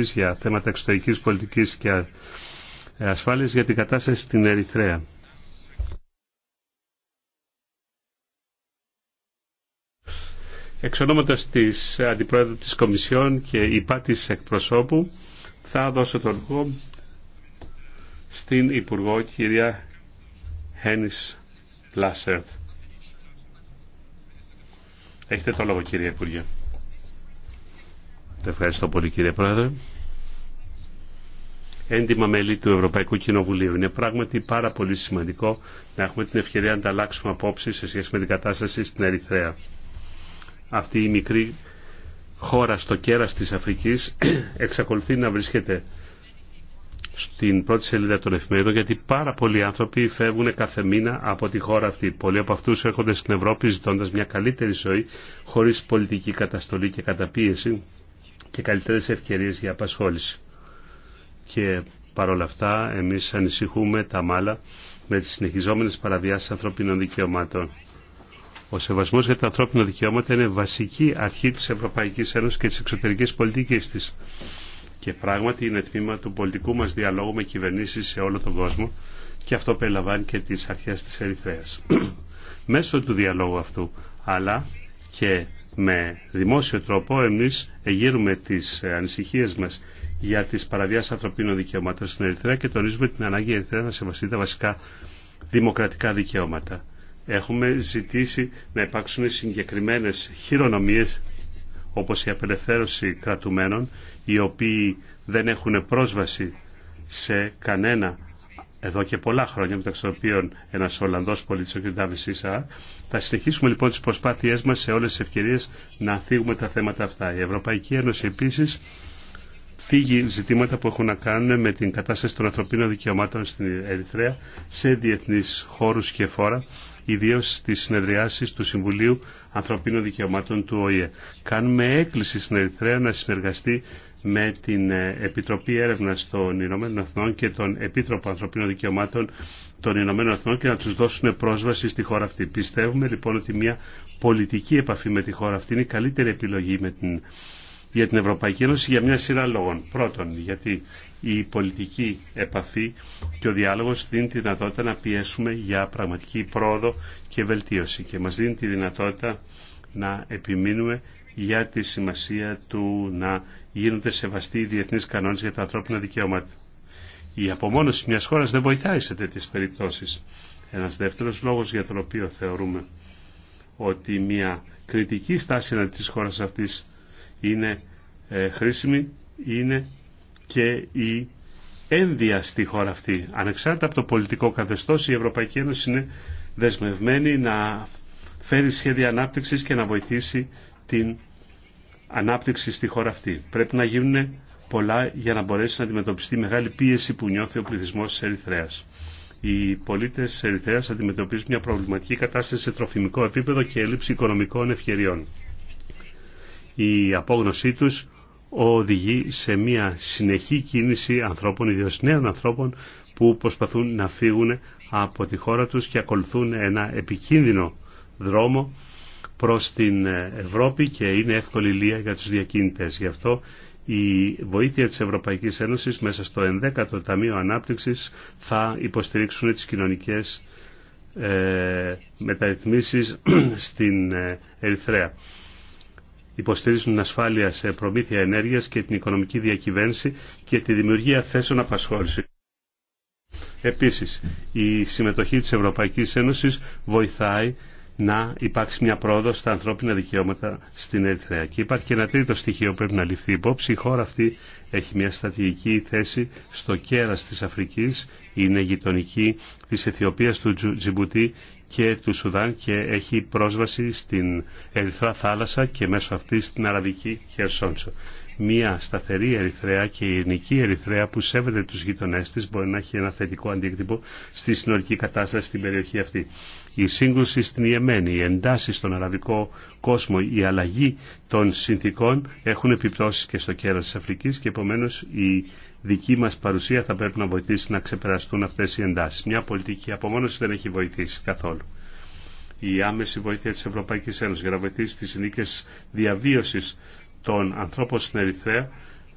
για θέματα εξωτερικής πολιτικής και ε, ασφάλειας για την κατάσταση στην Ερυθρέα. Εξ της Αντιπρόεδρου της Κομισιόν και υπά της εκπροσώπου θα δώσω τον λόγο στην Υπουργό κυρία Χένις Λάσερτ. Έχετε το λόγο κύριε Υπουργέ. Ευχαριστώ πολύ κύριε Πρόεδρε. Έντιμα μέλη του Ευρωπαϊκού Κοινοβουλίου. Είναι πράγματι πάρα πολύ σημαντικό να έχουμε την ευκαιρία να ανταλλάξουμε απόψει σε σχέση με την κατάσταση στην Ερυθρέα. Αυτή η μικρή χώρα στο κέρα της Αφρικής εξακολουθεί να βρίσκεται στην πρώτη σελίδα των εφημερίδων γιατί πάρα πολλοί άνθρωποι φεύγουν κάθε μήνα από τη χώρα αυτή. Πολλοί από αυτούς έρχονται στην Ευρώπη ζητώντας μια καλύτερη ζωή χωρίς πολιτική καταστολή και καταπίεση και καλύτερες ευκαιρίες για απασχόληση. Και παρόλα αυτά εμείς ανησυχούμε τα μάλα με τις συνεχιζόμενες παραβιάσεις ανθρωπίνων δικαιωμάτων. Ο σεβασμός για τα ανθρώπινα δικαιώματα είναι βασική αρχή της Ευρωπαϊκής Ένωσης και της εξωτερικής πολιτικής της. Και πράγματι είναι τμήμα του πολιτικού μας διαλόγου με κυβερνήσεις σε όλο τον κόσμο και αυτό περιλαμβάνει και τις αρχές της Ερυθρέας. Μέσω του διαλόγου αυτού, αλλά και με δημόσιο τρόπο εμείς εγείρουμε τις ε, ανησυχίες μας για τις παραβιάσεις ανθρωπίνων δικαιωμάτων στην Ερυθρέα και τονίζουμε την ανάγκη η Ερυθρέα να σεβαστεί τα βασικά δημοκρατικά δικαιώματα. Έχουμε ζητήσει να υπάρξουν συγκεκριμένες χειρονομίες όπως η απελευθέρωση κρατουμένων οι οποίοι δεν έχουν πρόσβαση σε κανένα εδώ και πολλά χρόνια, μεταξύ των οποίων ένα Ολλανδό πολίτη, ο κ. Ντάβι Σίσα. Θα συνεχίσουμε λοιπόν τι προσπάθειέ μα σε όλε τι ευκαιρίε να θίγουμε τα θέματα αυτά. Η Ευρωπαϊκή Ένωση επίση θίγει ζητήματα που έχουν να κάνουν με την κατάσταση των ανθρωπίνων δικαιωμάτων στην Ερυθρέα σε διεθνεί χώρου και φόρα, ιδίω στι συνεδριάσει του Συμβουλίου Ανθρωπίνων Δικαιωμάτων του ΟΗΕ. Κάνουμε έκκληση στην Ερυθρέα να συνεργαστεί με την ε, Επιτροπή Έρευνας των Ηνωμένων Εθνών και τον Επίτροπο Ανθρωπίνων Δικαιωμάτων των Ηνωμένων Εθνών και να τους δώσουν πρόσβαση στη χώρα αυτή. Πιστεύουμε λοιπόν ότι μια πολιτική επαφή με τη χώρα αυτή είναι η καλύτερη επιλογή με την, για την Ευρωπαϊκή Ένωση για μια σειρά λόγων. Πρώτον, γιατί η πολιτική επαφή και ο διάλογος δίνει τη δυνατότητα να πιέσουμε για πραγματική πρόοδο και βελτίωση και μας δίνει τη δυνατότητα να επιμείνουμε για τη σημασία του να γίνονται σεβαστοί οι διεθνείς κανόνες για τα ανθρώπινα δικαιώματα. Η απομόνωση μιας χώρας δεν βοηθάει σε τέτοιες περιπτώσεις. Ένας δεύτερος λόγος για τον οποίο θεωρούμε ότι μια κριτική στάση εναντί της χώρας αυτής είναι ε, χρήσιμη είναι και η ένδια στη χώρα αυτή. Ανεξάρτητα από το πολιτικό καθεστώς η Ευρωπαϊκή Ένωση είναι δεσμευμένη να φέρει σχέδια ανάπτυξης και να βοηθήσει την ανάπτυξη στη χώρα αυτή. Πρέπει να γίνουν πολλά για να μπορέσει να αντιμετωπιστεί η μεγάλη πίεση που νιώθει ο πληθυσμό τη Ερυθρέα. Οι πολίτε τη Ερυθρέα αντιμετωπίζουν μια προβληματική κατάσταση σε τροφιμικό επίπεδο και έλλειψη οικονομικών ευκαιριών. Η απόγνωσή του οδηγεί σε μια συνεχή κίνηση ανθρώπων, ιδίω νέων ανθρώπων, που προσπαθούν να φύγουν από τη χώρα τους και ακολουθούν ένα επικίνδυνο δρόμο προς την Ευρώπη και είναι εύκολη λία για τους διακίνητες. Γι' αυτό η βοήθεια της Ευρωπαϊκής Ένωσης μέσα στο 11ο Ταμείο Ανάπτυξης θα υποστηρίξουν τις κοινωνικές ε, μεταρρυθμίσεις στην ε, Ερυθρέα. Υποστηρίζουν ασφάλεια σε προμήθεια ενέργειας και την οικονομική διακυβέρνηση και τη δημιουργία θέσεων απασχόλησης. Επίσης, η συμμετοχή της Ευρωπαϊκής Ένωσης βοηθάει να υπάρξει μια πρόοδο στα ανθρώπινα δικαιώματα στην Ερυθρέα. Και υπάρχει και ένα τρίτο στοιχείο που πρέπει να ληφθεί υπόψη. Η χώρα αυτή έχει μια σταθερική θέση στο κέρα τη Αφρική, είναι γειτονική τη Αιθιοπία, του Τζιμπουτή και του Σουδάν και έχει πρόσβαση στην Ερυθρά θάλασσα και μέσω αυτή στην Αραβική Χερσόνησο. Μια σταθερή Ερυθρέα και η ελληνική Ερυθρέα που σέβεται του γειτονέ τη μπορεί να έχει ένα θετικό αντίκτυπο στη συνολική κατάσταση στην περιοχή αυτή η σύγκρουση στην Ιεμένη, οι εντάσεις στον αραβικό κόσμο, η αλλαγή των συνθήκων έχουν επιπτώσεις και στο κέρας της Αφρικής και επομένως η δική μας παρουσία θα πρέπει να βοηθήσει να ξεπεραστούν αυτές οι εντάσεις. Μια πολιτική απομόνωση δεν έχει βοηθήσει καθόλου. Η άμεση βοήθεια της Ευρωπαϊκής Ένωσης για να βοηθήσει τις συνήκες διαβίωσης των ανθρώπων στην Ερυθρέα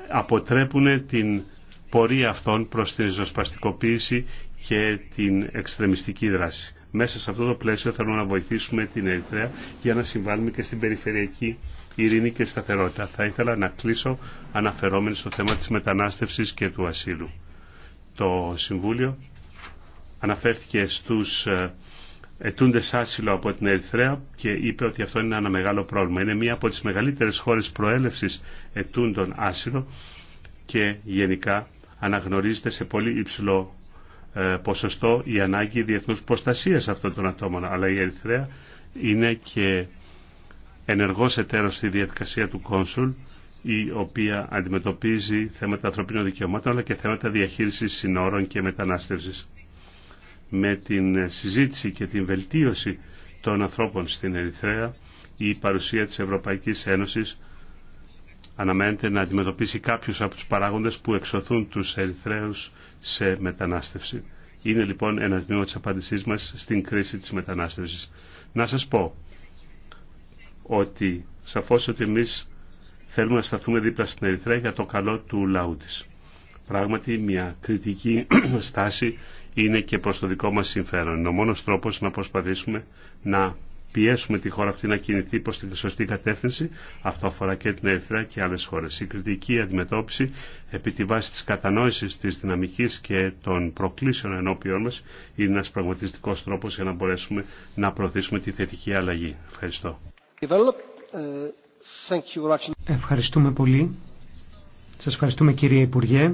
αποτρέπουν την πορεία αυτών προς την ζωσπαστικοποίηση και την εξτρεμιστική δράση. Μέσα σε αυτό το πλαίσιο θέλω να βοηθήσουμε την Ερυθρέα για να συμβάλλουμε και στην περιφερειακή ειρήνη και σταθερότητα. Θα ήθελα να κλείσω αναφερόμενοι στο θέμα της μετανάστευσης και του ασύλου. Το Συμβούλιο αναφέρθηκε στους ε, ετούντε άσυλο από την Ερυθρέα και είπε ότι αυτό είναι ένα μεγάλο πρόβλημα. Είναι μία από τις μεγαλύτερες χώρες προέλευσης ετούντων άσυλο και γενικά αναγνωρίζεται σε πολύ υψηλό ε, ποσοστό η ανάγκη διεθνούς προστασίας αυτών των ατόμων. Αλλά η Ερυθρέα είναι και ενεργός εταίρος στη διαδικασία του κόνσουλ η οποία αντιμετωπίζει θέματα ανθρωπίνων δικαιωμάτων αλλά και θέματα διαχείρισης συνόρων και μετανάστευσης. Με την συζήτηση και την βελτίωση των ανθρώπων στην Ερυθρέα η παρουσία της Ευρωπαϊκής Ένωσης αναμένεται να αντιμετωπίσει κάποιους από τους παράγοντες που εξωθούν τους Ερυθρέους σε μετανάστευση. Είναι λοιπόν ένα τμήμα της απάντησής μας στην κρίση της μετανάστευσης. Να σας πω ότι σαφώς ότι εμείς θέλουμε να σταθούμε δίπλα στην Ερυθρέα για το καλό του λαού της. Πράγματι μια κριτική στάση είναι και προς το δικό μας συμφέρον. Είναι ο μόνος τρόπος να προσπαθήσουμε να πιέσουμε τη χώρα αυτή να κινηθεί προ τη σωστή κατεύθυνση. Αυτό αφορά και την Ερυθρέα και άλλε χώρε. Η κριτική αντιμετώπιση επί τη βάση τη κατανόηση τη δυναμική και των προκλήσεων ενώπιών μα είναι ένα πραγματιστικό τρόπο για να μπορέσουμε να προωθήσουμε τη θετική αλλαγή. Ευχαριστώ. Ευχαριστούμε πολύ. Σα ευχαριστούμε κύριε Υπουργέ.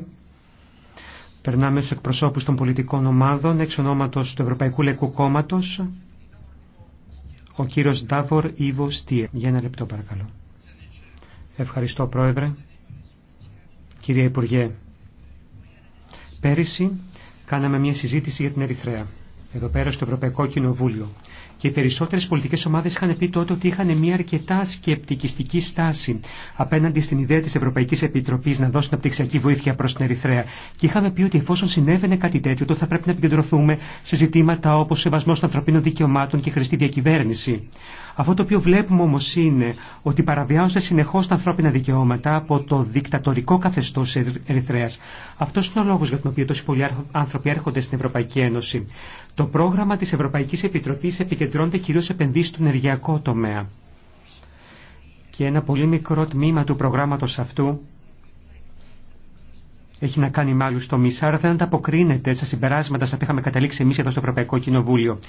Περνάμε στου εκπροσώπου των πολιτικών ομάδων εξ ονόματο του Ευρωπαϊκού Λαϊκού Κόμματο. Ο κύριος Ντάβορ Ιβο Στίε. Για ένα λεπτό παρακαλώ. Ευχαριστώ Πρόεδρε. Κύριε Υπουργέ, πέρυσι κάναμε μια συζήτηση για την Ερυθρέα, εδώ πέρα στο Ευρωπαϊκό Κοινοβούλιο και οι περισσότερες πολιτικές ομάδες είχαν πει τότε ότι είχαν μια αρκετά σκεπτικιστική στάση απέναντι στην ιδέα της Ευρωπαϊκής Επιτροπής να δώσει την απτυξιακή βοήθεια προς την Ερυθρέα. Και είχαμε πει ότι εφόσον συνέβαινε κάτι τέτοιο, τότε θα πρέπει να επικεντρωθούμε σε ζητήματα όπως σεβασμός των ανθρωπίνων δικαιωμάτων και χρηστή διακυβέρνηση. Αυτό το οποίο βλέπουμε όμως είναι ότι παραβιάζονται συνεχώς τα ανθρώπινα δικαιώματα από το δικτατορικό καθεστώς ερυθρέα, Αυτός είναι ο λόγος για τον οποίο τόσοι πολλοί άνθρωποι έρχονται στην Ευρωπαϊκή Ένωση. Το πρόγραμμα της Ευρωπαϊκής Επιτροπής επικεντρώνεται κυρίως σε επενδύσεις στον ενεργειακό τομέα. Και ένα πολύ μικρό τμήμα του προγράμματος αυτού έχει να κάνει με άλλου τομεί. Άρα δεν ανταποκρίνεται στα συμπεράσματα στα οποία είχαμε καταλήξει εμεί εδώ στο Ευρωπαϊκό Κοινοβούλιο.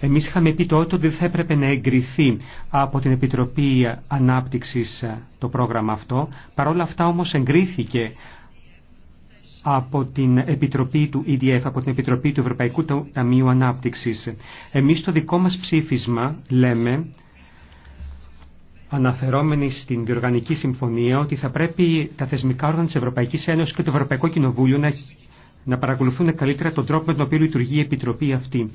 Εμεί είχαμε πει τότε ότι δεν θα έπρεπε να εγκριθεί από την Επιτροπή Ανάπτυξη το πρόγραμμα αυτό. Παρ' όλα αυτά όμω εγκρίθηκε από την Επιτροπή του EDF, από την Επιτροπή του Ευρωπαϊκού Ταμείου Ανάπτυξης. Εμείς το δικό μας ψήφισμα λέμε αναφερόμενοι στην Διοργανική Συμφωνία ότι θα πρέπει τα θεσμικά όργανα της Ευρωπαϊκής Ένωσης και το Ευρωπαϊκό Κοινοβούλιο να, να παρακολουθούν καλύτερα τον τρόπο με τον οποίο λειτουργεί η Επιτροπή αυτή.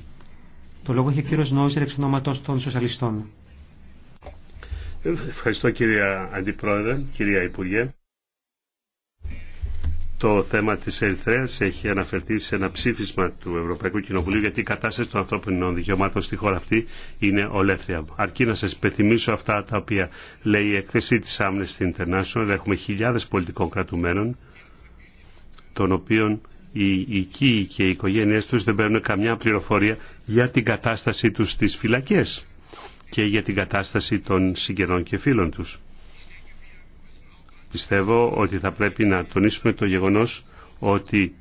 Το λόγο έχει ο κύριος Νόζερ εξ ονόματος των Σοσιαλιστών. Ευχαριστώ κυρία Αντιπρόεδρε, κυρία Υπουργέ. Το θέμα τη Ερυθρέα έχει αναφερθεί σε ένα ψήφισμα του Ευρωπαϊκού Κοινοβουλίου γιατί η κατάσταση των ανθρώπινων δικαιωμάτων στη χώρα αυτή είναι ολέθρια. Αρκεί να σα υπενθυμίσω αυτά τα οποία λέει η έκθεση της Amnesty International. Έχουμε χιλιάδε πολιτικών κρατουμένων των οποίων οι οικοί και οι οικογένειε του δεν παίρνουν καμιά πληροφορία για την κατάστασή του στις φυλακέ και για την κατάσταση των συγγενών και φίλων τους. Πιστεύω ότι θα πρέπει να τονίσουμε το γεγονός ότι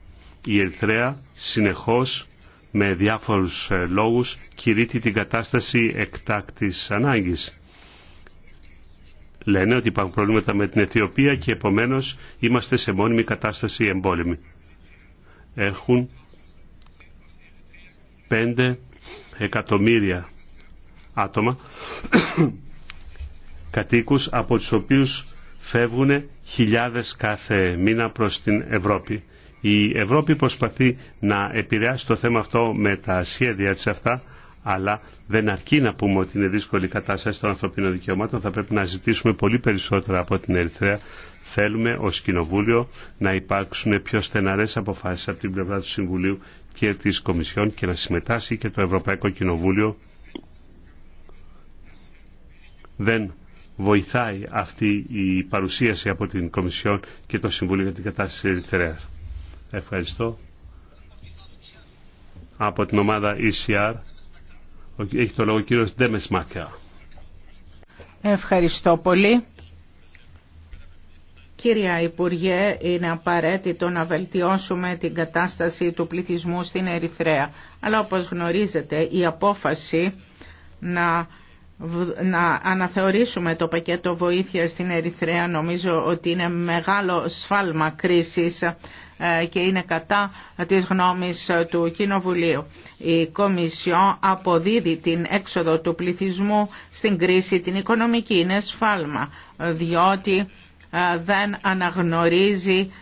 η Ερθρέα συνεχώς με διάφορους ε, λόγους κηρύττει την κατάσταση εκτάκτης ανάγκης. Λένε ότι υπάρχουν προβλήματα με την Αιθιοπία και επομένως είμαστε σε μόνιμη κατάσταση εμπόλεμη. Έχουν 5 εκατομμύρια άτομα κατοίκους από τους οποίους φεύγουν χιλιάδες κάθε μήνα προς την Ευρώπη. Η Ευρώπη προσπαθεί να επηρεάσει το θέμα αυτό με τα σχέδια της αυτά, αλλά δεν αρκεί να πούμε ότι είναι δύσκολη η κατάσταση των ανθρωπίνων δικαιωμάτων, θα πρέπει να ζητήσουμε πολύ περισσότερα από την Ερυθρέα. Θέλουμε ως Κοινοβούλιο να υπάρξουν πιο στεναρές αποφάσεις από την πλευρά του Συμβουλίου και της Κομισιόν και να συμμετάσχει και το Ευρωπαϊκό Κοινοβούλιο. Δεν βοηθάει αυτή η παρουσίαση από την Κομισιόν και το Συμβούλιο για την κατάσταση της Ερυθρέας. Ευχαριστώ. Από την ομάδα ECR έχει το λόγο ο κύριος Ντέμες Μάκια. Ευχαριστώ πολύ. Κυρία Υπουργέ, είναι απαραίτητο να βελτιώσουμε την κατάσταση του πληθυσμού στην Ερυθρέα. Αλλά όπως γνωρίζετε η απόφαση να να αναθεωρήσουμε το πακέτο βοήθεια στην Ερυθρέα νομίζω ότι είναι μεγάλο σφάλμα κρίσης ε, και είναι κατά της γνώμης του Κοινοβουλίου. Η Κομισιόν αποδίδει την έξοδο του πληθυσμού στην κρίση την οικονομική. Είναι σφάλμα διότι ε, δεν αναγνωρίζει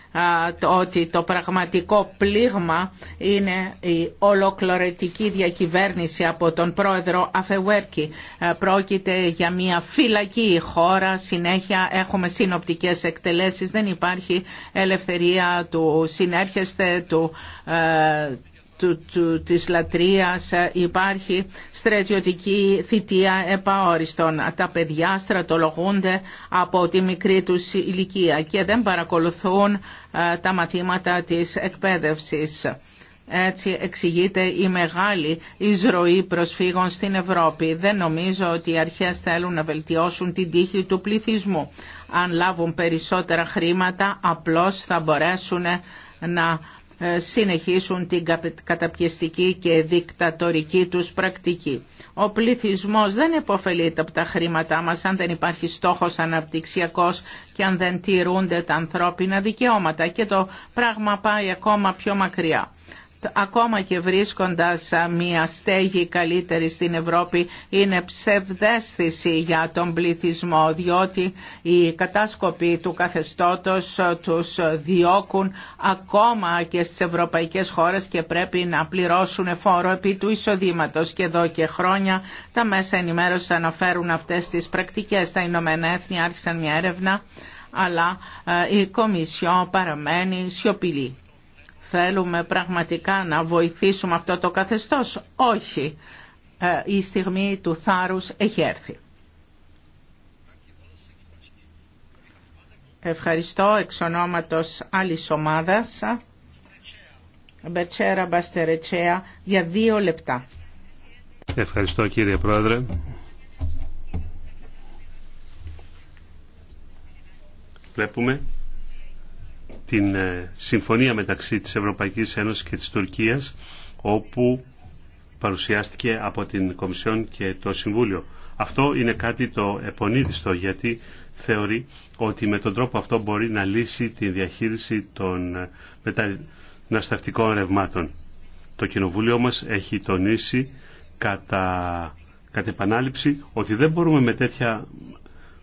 ε, ότι το πραγματικό πλήγμα είναι η ολοκληρωτική διακυβέρνηση από τον πρόεδρο Αφεουέρκη. Ε, πρόκειται για μια φυλακή χώρα, συνέχεια έχουμε συνοπτικές εκτελέσεις, δεν υπάρχει ελευθερία του συνέρχεστε, του, του, του, της λατρείας ε, υπάρχει στρατιωτική θητεία επαόριστον. Τα παιδιά στρατολογούνται από τη μικρή τους ηλικία και δεν παρακολουθούν ε, τα μαθήματα της εκπαίδευσης. Έτσι εξηγείται η μεγάλη εισρωή προσφύγων στην Ευρώπη. Δεν νομίζω ότι οι αρχές θέλουν να βελτιώσουν την τύχη του πληθυσμού. Αν λάβουν περισσότερα χρήματα, απλώς θα μπορέσουν να ε, συνεχίσουν την καταπιεστική και δικτατορική τους πρακτική. Ο πληθυσμός δεν επωφελείται από τα χρήματά μας αν δεν υπάρχει στόχος αναπτυξιακός και αν δεν τηρούνται τα ανθρώπινα δικαιώματα και το πράγμα πάει ακόμα πιο μακριά ακόμα και βρίσκοντας μια στέγη καλύτερη στην Ευρώπη είναι ψευδέσθηση για τον πληθυσμό διότι οι κατάσκοποι του καθεστώτος τους διώκουν ακόμα και στις ευρωπαϊκές χώρες και πρέπει να πληρώσουν φόρο επί του εισοδήματος και εδώ και χρόνια τα μέσα ενημέρωση αναφέρουν αυτές τις πρακτικές. Τα Ηνωμένα Έθνη άρχισαν μια έρευνα αλλά η Κομισιό παραμένει σιωπηλή θέλουμε πραγματικά να βοηθήσουμε αυτό το καθεστώς. Όχι. Ε, η στιγμή του θάρρους έχει έρθει. Ευχαριστώ εξ ονόματος άλλης ομάδας. Μπερτσέρα Μπαστερετσέα για δύο λεπτά. Ευχαριστώ κύριε Πρόεδρε. Βλέπουμε την ε, συμφωνία μεταξύ της Ευρωπαϊκής Ένωσης και της Τουρκίας όπου παρουσιάστηκε από την Κομισιόν και το Συμβούλιο. Αυτό είναι κάτι το επονίδιστο γιατί θεωρεί ότι με τον τρόπο αυτό μπορεί να λύσει τη διαχείριση των ε, μεταναστευτικών ρευμάτων. Το Κοινοβούλιο μας έχει τονίσει κατά, κατά επανάληψη ότι δεν μπορούμε με τέτοια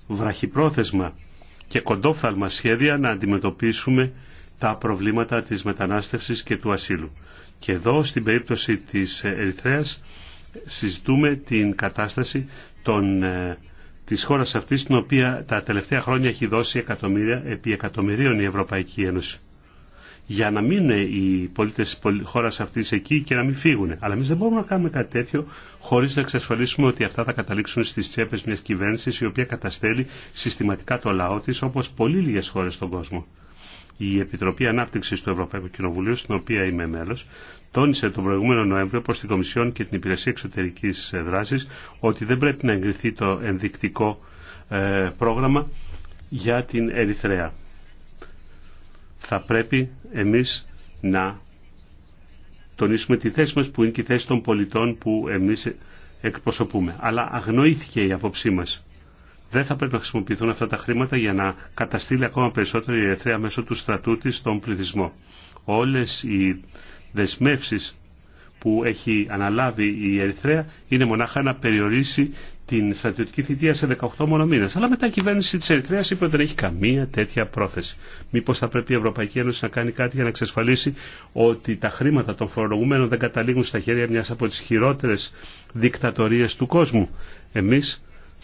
βραχυπρόθεσμα και κοντόφθαλμα σχέδια να αντιμετωπίσουμε τα προβλήματα της μετανάστευσης και του ασύλου. Και εδώ στην περίπτωση της Ερυθρέας συζητούμε την κατάσταση των, ε, της χώρας αυτής την οποία τα τελευταία χρόνια έχει δώσει εκατομμύρια επί εκατομμυρίων η Ευρωπαϊκή Ένωση για να μείνουν ε, οι πολίτε τη χώρα αυτή εκεί και να μην φύγουν. Αλλά εμεί δεν μπορούμε να κάνουμε κάτι τέτοιο χωρί να εξασφαλίσουμε ότι αυτά θα καταλήξουν στις τσέπε μια κυβέρνηση η οποία καταστέλει συστηματικά το λαό της όπως πολύ λίγες χώρε στον κόσμο. Η Επιτροπή Ανάπτυξης του Ευρωπαϊκού Κοινοβουλίου, στην οποία είμαι μέλος, τόνισε τον προηγούμενο Νοέμβριο προς την Κομισιόν και την Υπηρεσία Εξωτερική Δράση ότι δεν πρέπει να εγκριθεί το ενδεικτικό ε, πρόγραμμα για την Ερυθρέα θα πρέπει εμείς να τονίσουμε τη θέση μας που είναι και η θέση των πολιτών που εμείς εκπροσωπούμε. Αλλά αγνοήθηκε η απόψή μας. Δεν θα πρέπει να χρησιμοποιηθούν αυτά τα χρήματα για να καταστήλει ακόμα περισσότερο η Ερυθρέα μέσω του στρατού της στον πληθυσμό. Όλες οι δεσμεύσεις που έχει αναλάβει η Ερυθρέα είναι μονάχα να περιορίσει την στρατιωτική θητεία σε 18 μόνο μήνε. Αλλά μετά η κυβέρνηση τη Ερυθρέα είπε ότι δεν έχει καμία τέτοια πρόθεση. Μήπω θα πρέπει η Ευρωπαϊκή Ένωση να κάνει κάτι για να εξασφαλίσει ότι τα χρήματα των φορολογούμενων δεν καταλήγουν στα χέρια μια από τι χειρότερε δικτατορίε του κόσμου. Εμεί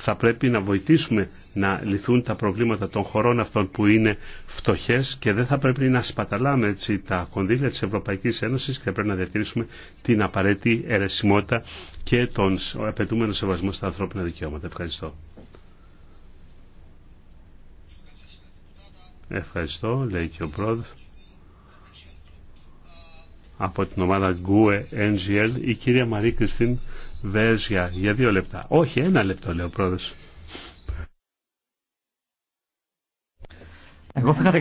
θα πρέπει να βοηθήσουμε να λυθούν τα προβλήματα των χωρών αυτών που είναι φτωχές και δεν θα πρέπει να σπαταλάμε έτσι, τα κονδύλια της Ευρωπαϊκής Ένωσης και θα πρέπει να διατηρήσουμε την απαραίτητη αιρεσιμότητα και τον απαιτούμενο σεβασμό στα ανθρώπινα δικαιώματα. Ευχαριστώ. Ευχαριστώ, λέει και ο πρόεδρος. Από την ομάδα GUE NGL, η κυρία Μαρή Κριστίν Βέζια για δύο λεπτά. Όχι, ένα λεπτό λέει ο Εγώ ε, θα,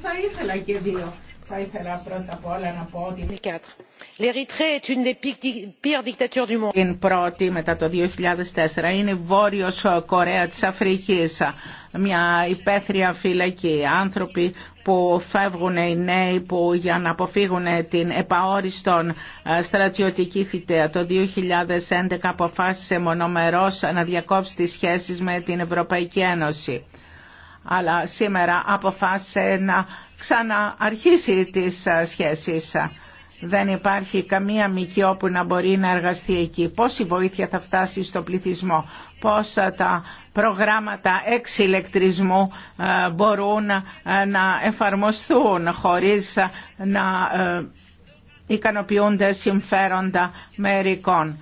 θα ήθελα και δύο. Θα ήθελα πρώτα απ' όλα να πω ότι είναι πρώτη μετά το 2004 είναι η Βόρειος Κορέα της Αφρικής, μια υπαίθρια φυλακή, άνθρωποι που φεύγουν οι νέοι που για να αποφύγουν την επαόριστον ε, στρατιωτική θητεία. Το 2011 αποφάσισε μονομερός να διακόψει τις σχέσεις με την Ευρωπαϊκή Ένωση αλλά σήμερα αποφάσισε να ξανααρχίσει τις σχέσεις. Δεν υπάρχει καμία μοικιό που να μπορεί να εργαστεί εκεί. Πόση βοήθεια θα φτάσει στο πληθυσμό, πώς τα προγράμματα εξηλεκτρισμού μπορούν να εφαρμοστούν χωρίς να ε, ικανοποιούνται συμφέροντα μερικών.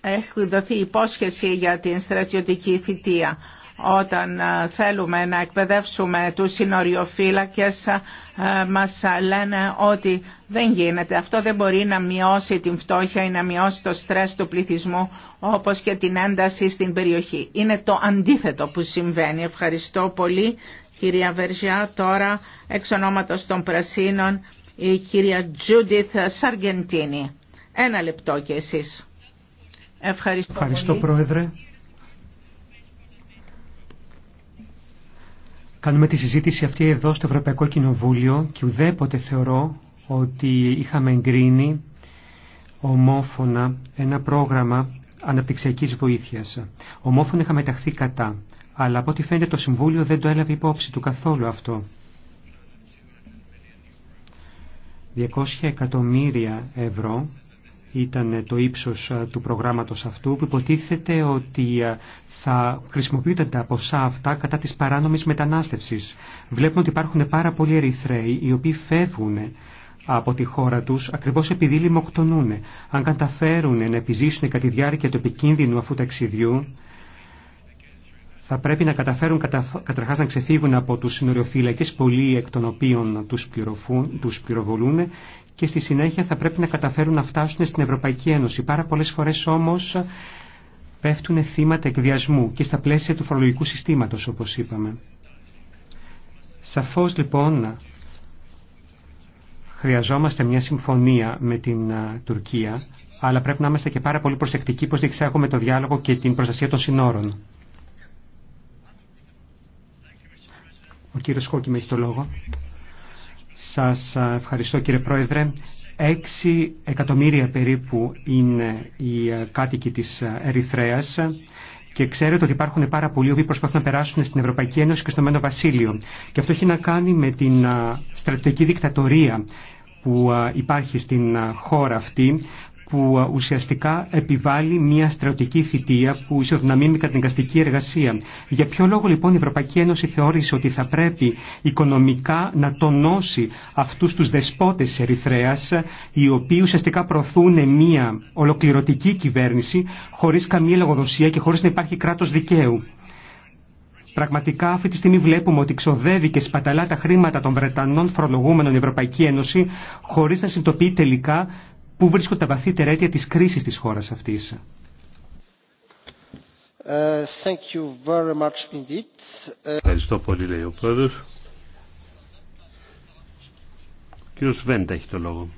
Έχει δοθεί υπόσχεση για την στρατιωτική θητεία όταν ε, θέλουμε να εκπαιδεύσουμε τους συνοριοφύλακες ε, μας λένε ότι δεν γίνεται. Αυτό δεν μπορεί να μειώσει την φτώχεια ή να μειώσει το στρες του πληθυσμού όπως και την ένταση στην περιοχή. Είναι το αντίθετο που συμβαίνει. Ευχαριστώ πολύ κυρία Βεργιά. Τώρα εξ ονόματος των Πρασίνων η κυρία Τζούντιθ Σαργεντίνη. Ένα λεπτό κι εσείς. Ευχαριστώ, πολύ. Πρόεδρε. Κάνουμε τη συζήτηση αυτή εδώ στο Ευρωπαϊκό Κοινοβούλιο και ουδέποτε θεωρώ ότι είχαμε εγκρίνει ομόφωνα ένα πρόγραμμα αναπτυξιακής βοήθειας. Ομόφωνα είχαμε ταχθεί κατά, αλλά από ό,τι φαίνεται το Συμβούλιο δεν το έλαβε υπόψη του καθόλου αυτό. 200 εκατομμύρια ευρώ ήταν το ύψος του προγράμματος αυτού που υποτίθεται ότι θα χρησιμοποιούνται τα ποσά αυτά κατά της παράνομης μετανάστευσης. Βλέπουμε ότι υπάρχουν πάρα πολλοί Ερυθρέοι οι οποίοι φεύγουν από τη χώρα τους ακριβώς επειδή λιμοκτονούν. Αν καταφέρουν να επιζήσουν κατά τη διάρκεια του επικίνδυνου αφού ταξιδιού θα πρέπει να καταφέρουν καταρχάς να ξεφύγουν από τους συνοριοφύλακες, πολλοί εκ των οποίων τους, τους πληροβολούν και στη συνέχεια θα πρέπει να καταφέρουν να φτάσουν στην Ευρωπαϊκή Ένωση. Πάρα πολλές φορές όμως πέφτουν θύματα εκβιασμού και στα πλαίσια του φορολογικού συστήματος όπως είπαμε. Σαφώς λοιπόν χρειαζόμαστε μια συμφωνία με την Τουρκία αλλά πρέπει να είμαστε και πάρα πολύ προσεκτικοί πως διεξάγουμε το διάλογο και την προστασία των συνόρων. Ο κύριος με έχει το λόγο. Σας ευχαριστώ κύριε Πρόεδρε. Έξι εκατομμύρια περίπου είναι οι κάτοικοι της Ερυθρέας και ξέρετε ότι υπάρχουν πάρα πολλοί οποίοι προσπαθούν να περάσουν στην Ευρωπαϊκή Ένωση και στο Μένο Βασίλειο. Και αυτό έχει να κάνει με την στρατιωτική δικτατορία που υπάρχει στην χώρα αυτή που ουσιαστικά επιβάλλει μια στρατιωτική θητεία που ισοδυναμεί με καταδικαστική εργασία. Για ποιο λόγο λοιπόν η Ευρωπαϊκή Ένωση θεώρησε ότι θα πρέπει οικονομικά να τονώσει αυτούς τους δεσπότες της Ερυθρέας οι οποίοι ουσιαστικά προωθούν μια ολοκληρωτική κυβέρνηση χωρίς καμία λογοδοσία και χωρίς να υπάρχει κράτος δικαίου. Πραγματικά αυτή τη στιγμή βλέπουμε ότι ξοδεύει και σπαταλά τα χρήματα των Βρετανών φορολογούμενων η Ευρωπαϊκή Ένωση χωρίς να συνειδητοποιεί τελικά πού βρίσκονται τα βαθύτερα αίτια της κρίσης της χώρας αυτής. Ε, ε, Ευχαριστώ πολύ, λέει ο πρόεδρος. κύριος Βέντα έχει το λόγο.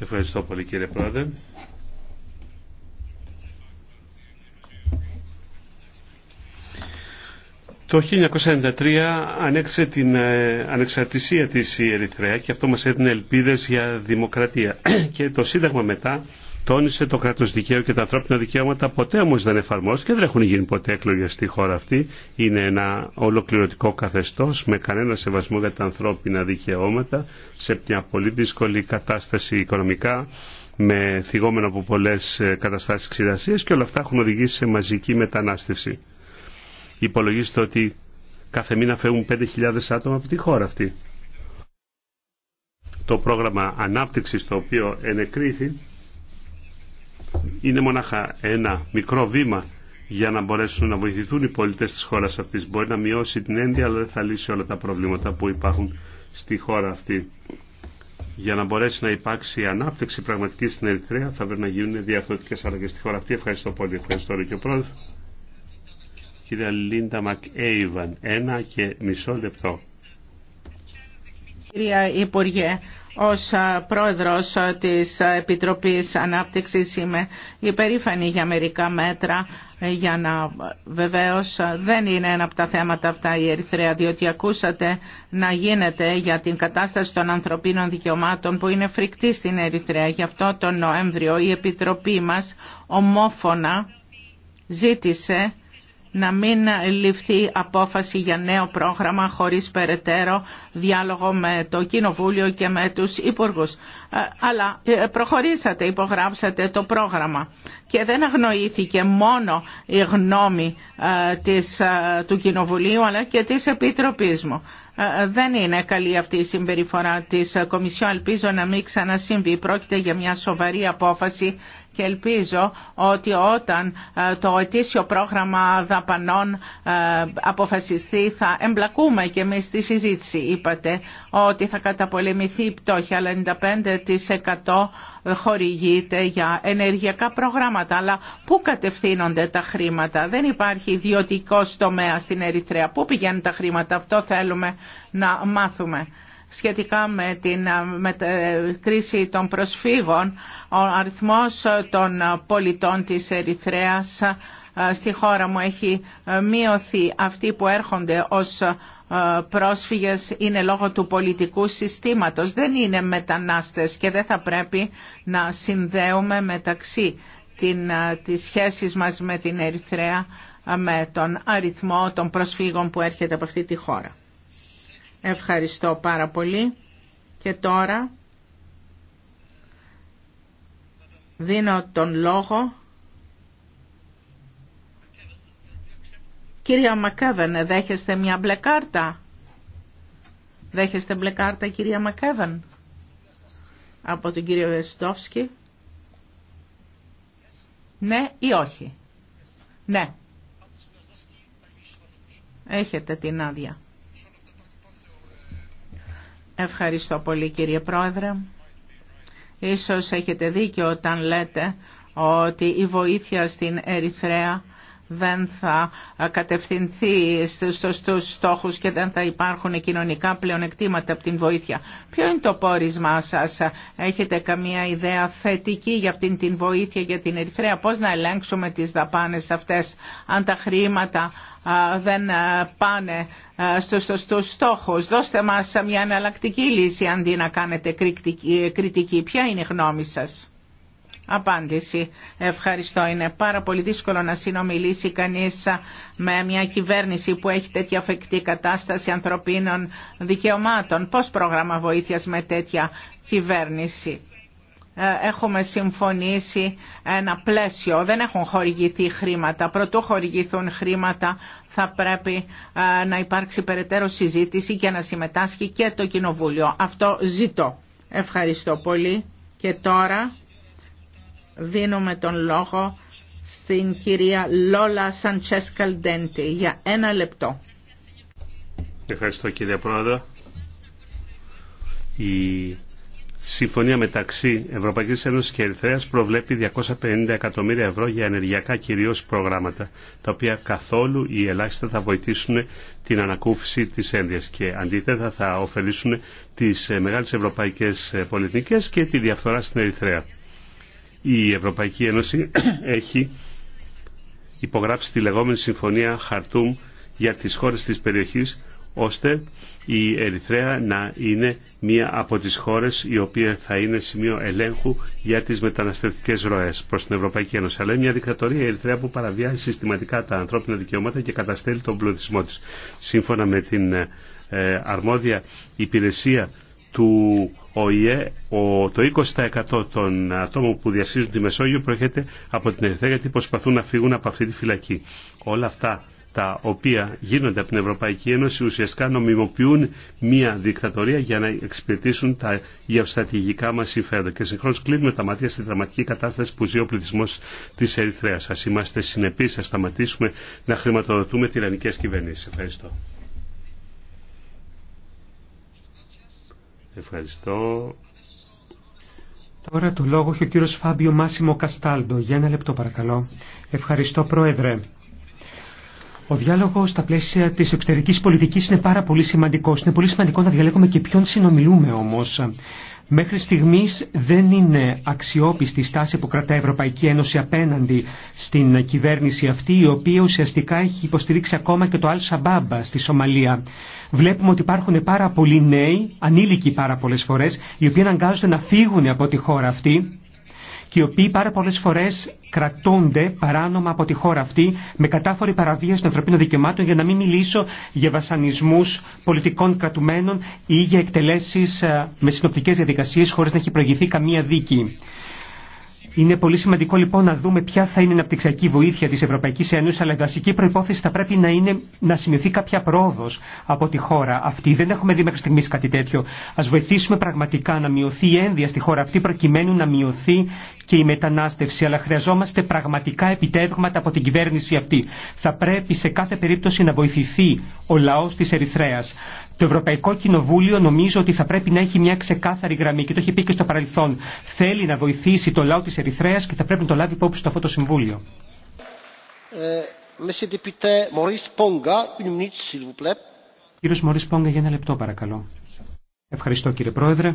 Ευχαριστώ πολύ, κύριε πρόεδρε. Το 1993 ανέξε την ε, ανεξαρτησία της η Ερυθρέα και αυτό μας έδινε ελπίδες για δημοκρατία. και το Σύνταγμα μετά τόνισε το κράτος δικαίου και τα ανθρώπινα δικαιώματα, ποτέ όμως δεν εφαρμόστηκε, δεν έχουν γίνει ποτέ εκλογές στη χώρα αυτή. Είναι ένα ολοκληρωτικό καθεστώς με κανένα σεβασμό για τα ανθρώπινα δικαιώματα, σε μια πολύ δύσκολη κατάσταση οικονομικά, με θυγόμενο από πολλές ε, καταστάσεις ξηρασίας και όλα αυτά έχουν οδηγήσει σε μαζική μετανάστευση υπολογίστε ότι κάθε μήνα φεύγουν 5.000 άτομα από τη χώρα αυτή. Το πρόγραμμα ανάπτυξης το οποίο ενεκρίθη είναι μονάχα ένα μικρό βήμα για να μπορέσουν να βοηθηθούν οι πολίτες της χώρας αυτής. Μπορεί να μειώσει την ένδια, αλλά δεν θα λύσει όλα τα προβλήματα που υπάρχουν στη χώρα αυτή. Για να μπορέσει να υπάρξει ανάπτυξη πραγματική στην Ερυθρέα θα πρέπει να γίνουν διαφορετικές αλλαγές στη χώρα αυτή. Ευχαριστώ πολύ. Ευχαριστώ και ο πρόεδρος κυρία Λίντα Μακέιβαν. Ένα και μισό λεπτό. Κυρία Υπουργέ, ως πρόεδρος της Επιτροπής Ανάπτυξης είμαι υπερήφανη για μερικά μέτρα ε, για να βεβαίως δεν είναι ένα από τα θέματα αυτά η Ερυθρέα διότι ακούσατε να γίνεται για την κατάσταση των ανθρωπίνων δικαιωμάτων που είναι φρικτή στην Ερυθρέα. Γι' αυτό τον Νοέμβριο η Επιτροπή μας ομόφωνα ζήτησε να μην ληφθεί απόφαση για νέο πρόγραμμα χωρίς περαιτέρω διάλογο με το Κοινοβούλιο και με τους Υπουργούς. Ε, αλλά ε, προχωρήσατε, υπογράψατε το πρόγραμμα και δεν αγνοήθηκε μόνο η γνώμη ε, της, του Κοινοβουλίου αλλά και της Επιτροπής μου. Δεν είναι καλή αυτή η συμπεριφορά της Κομισιόν. Ελπίζω να μην ξανασύμβει. Πρόκειται για μια σοβαρή απόφαση και ελπίζω ότι όταν ε, το ετήσιο πρόγραμμα δαπανών ε, αποφασιστεί θα εμπλακούμε και εμείς στη συζήτηση. Είπατε ότι θα καταπολεμηθεί η πτώχεια, αλλά 95% χορηγείται για ενεργειακά προγράμματα. Αλλά πού κατευθύνονται τα χρήματα. Δεν υπάρχει ιδιωτικό τομέα στην Ερυθρέα. Πού πηγαίνουν τα χρήματα. Αυτό θέλουμε να μάθουμε σχετικά με την με κρίση των προσφύγων, ο αριθμός των πολιτών της Ερυθρέας στη χώρα μου έχει μειωθεί. Αυτοί που έρχονται ως πρόσφυγες είναι λόγω του πολιτικού συστήματος. Δεν είναι μετανάστες και δεν θα πρέπει να συνδέουμε μεταξύ την, τις σχέσεις μας με την Ερυθρέα με τον αριθμό των προσφύγων που έρχεται από αυτή τη χώρα. Ευχαριστώ πάρα πολύ. Και τώρα δίνω τον λόγο. Κυρία Μακέβεν, δέχεστε μια μπλε κάρτα. Δέχεστε μπλε κάρτα, κυρία Μακέβεν. Από τον κύριο Βεστόφσκι. Ναι ή όχι. Ναι. Έχετε την άδεια. Ευχαριστώ πολύ κύριε Πρόεδρε. Ίσως έχετε δίκιο όταν λέτε ότι η βοήθεια στην Ερυθρέα δεν θα ε, κατευθυνθεί στους στόχους και δεν θα υπάρχουν κοινωνικά πλεονεκτήματα από την βοήθεια. Ποιο είναι το πόρισμά σας, έχετε καμία ιδέα θετική για αυτήν την βοήθεια για την Ερυθρέα, πώς να ελέγξουμε τις δαπάνες αυτές, αν τα χρήματα ε, δεν ε, πάνε στους σωστούς στόχους. Δώστε μας μια εναλλακτική λύση αντί να κάνετε κριτική. Ποια είναι η γνώμη σας. Απάντηση. Ευχαριστώ. Είναι πάρα πολύ δύσκολο να συνομιλήσει κανείς με μια κυβέρνηση που έχει τέτοια φεκτή κατάσταση ανθρωπίνων δικαιωμάτων. Πώς πρόγραμμα βοήθειας με τέτοια κυβέρνηση. Ε, έχουμε συμφωνήσει ένα πλαίσιο. Δεν έχουν χορηγηθεί χρήματα. Προτού χορηγηθούν χρήματα θα πρέπει ε, να υπάρξει περαιτέρω συζήτηση και να συμμετάσχει και το Κοινοβούλιο. Αυτό ζητώ. Ευχαριστώ πολύ. Και τώρα... Δίνουμε τον λόγο στην κυρία Λόλα Λόλα Ντέντι για ένα λεπτό. Ευχαριστώ κύριε Πρόεδρε. Η συμφωνία μεταξύ Ευρωπαϊκής Ένωσης και Ερυθρέας προβλέπει 250 εκατομμύρια ευρώ για ενεργειακά κυρίως προγράμματα, τα οποία καθόλου ή ελάχιστα θα βοηθήσουν την ανακούφιση της ένδυας και αντίθετα θα ωφελήσουν τις μεγάλες ευρωπαϊκές πολιτικές και τη διαφθορά στην Ερυθρέα η Ευρωπαϊκή Ένωση έχει υπογράψει τη λεγόμενη Συμφωνία Χαρτούμ για τις χώρες της περιοχής ώστε η Ερυθρέα να είναι μία από τις χώρες η οποία θα είναι σημείο ελέγχου για τις μεταναστευτικές ροές προς την Ευρωπαϊκή Ένωση. Αλλά είναι μια δικτατορία η Ερυθρέα που παραβιάζει συστηματικά τα ανθρώπινα δικαιώματα και καταστέλει τον πλουτισμό της. Σύμφωνα με την ε, αρμόδια υπηρεσία του ΟΗΕ, το 20% των ατόμων που διασύζουν τη Μεσόγειο προέρχεται από την Ερυθρέα γιατί προσπαθούν να φύγουν από αυτή τη φυλακή. Όλα αυτά τα οποία γίνονται από την Ευρωπαϊκή Ένωση ουσιαστικά νομιμοποιούν μια δικτατορία για να εξυπηρετήσουν τα γεωστρατηγικά μα συμφέροντα. Και συγχρόνω κλείνουμε τα μάτια στη δραματική κατάσταση που ζει ο πληθυσμό τη Ερυθρέα. Α είμαστε συνεπείς, ας σταματήσουμε να χρηματοδοτούμε τυρανικέ κυβέρνηση. Ευχαριστώ. Ευχαριστώ. Τώρα το λόγο έχει ο κύριος Φάμπιο Μάσιμο Καστάλντο. Για ένα λεπτό παρακαλώ. Ευχαριστώ Πρόεδρε. Ο διάλογο στα πλαίσια τη εξωτερική πολιτική είναι πάρα πολύ σημαντικό. Είναι πολύ σημαντικό να διαλέγουμε και ποιον συνομιλούμε όμω. Μέχρι στιγμής δεν είναι αξιόπιστη η στάση που κρατά η Ευρωπαϊκή Ένωση απέναντι στην κυβέρνηση αυτή, η οποία ουσιαστικά έχει υποστηρίξει ακόμα και το Al-Shabaab στη Σομαλία. Βλέπουμε ότι υπάρχουν πάρα πολλοί νέοι, ανήλικοι πάρα πολλές φορές, οι οποίοι αναγκάζονται να φύγουν από τη χώρα αυτή και οι οποίοι πάρα πολλέ φορέ κρατούνται παράνομα από τη χώρα αυτή με κατάφορη παραβίαση των ανθρωπίνων δικαιωμάτων για να μην μιλήσω για βασανισμού πολιτικών κρατουμένων ή για εκτελέσει ε, με συνοπτικέ διαδικασίε χωρί να έχει προηγηθεί καμία δίκη. Είναι πολύ σημαντικό λοιπόν να δούμε ποια θα είναι η αναπτυξιακή βοήθεια τη Ευρωπαϊκή Ένωση, αλλά η βασική προπόθεση θα πρέπει να είναι να σημειωθεί κάποια πρόοδο από τη χώρα αυτή. Δεν έχουμε δει μέχρι στιγμή κάτι τέτοιο. Α βοηθήσουμε πραγματικά να μειωθεί η ένδυα στη χώρα αυτή, προκειμένου να μειωθεί και η μετανάστευση. Αλλά χρειαζόμαστε πραγματικά επιτεύγματα από την κυβέρνηση αυτή. Θα πρέπει σε κάθε περίπτωση να βοηθηθεί ο λαό τη Ερυθρέα. Το Ευρωπαϊκό Κοινοβούλιο νομίζω ότι θα πρέπει να έχει μια ξεκάθαρη γραμμή και το έχει πει και στο παρελθόν. Θέλει να βοηθήσει το λαό της Ερυθρέα και θα πρέπει να το λάβει υπόψη στο αυτό το Συμβούλιο. Ε, Κύριος Μωρίς Πόγκα, για ένα λεπτό παρακαλώ. Ευχαριστώ κύριε Πρόεδρε.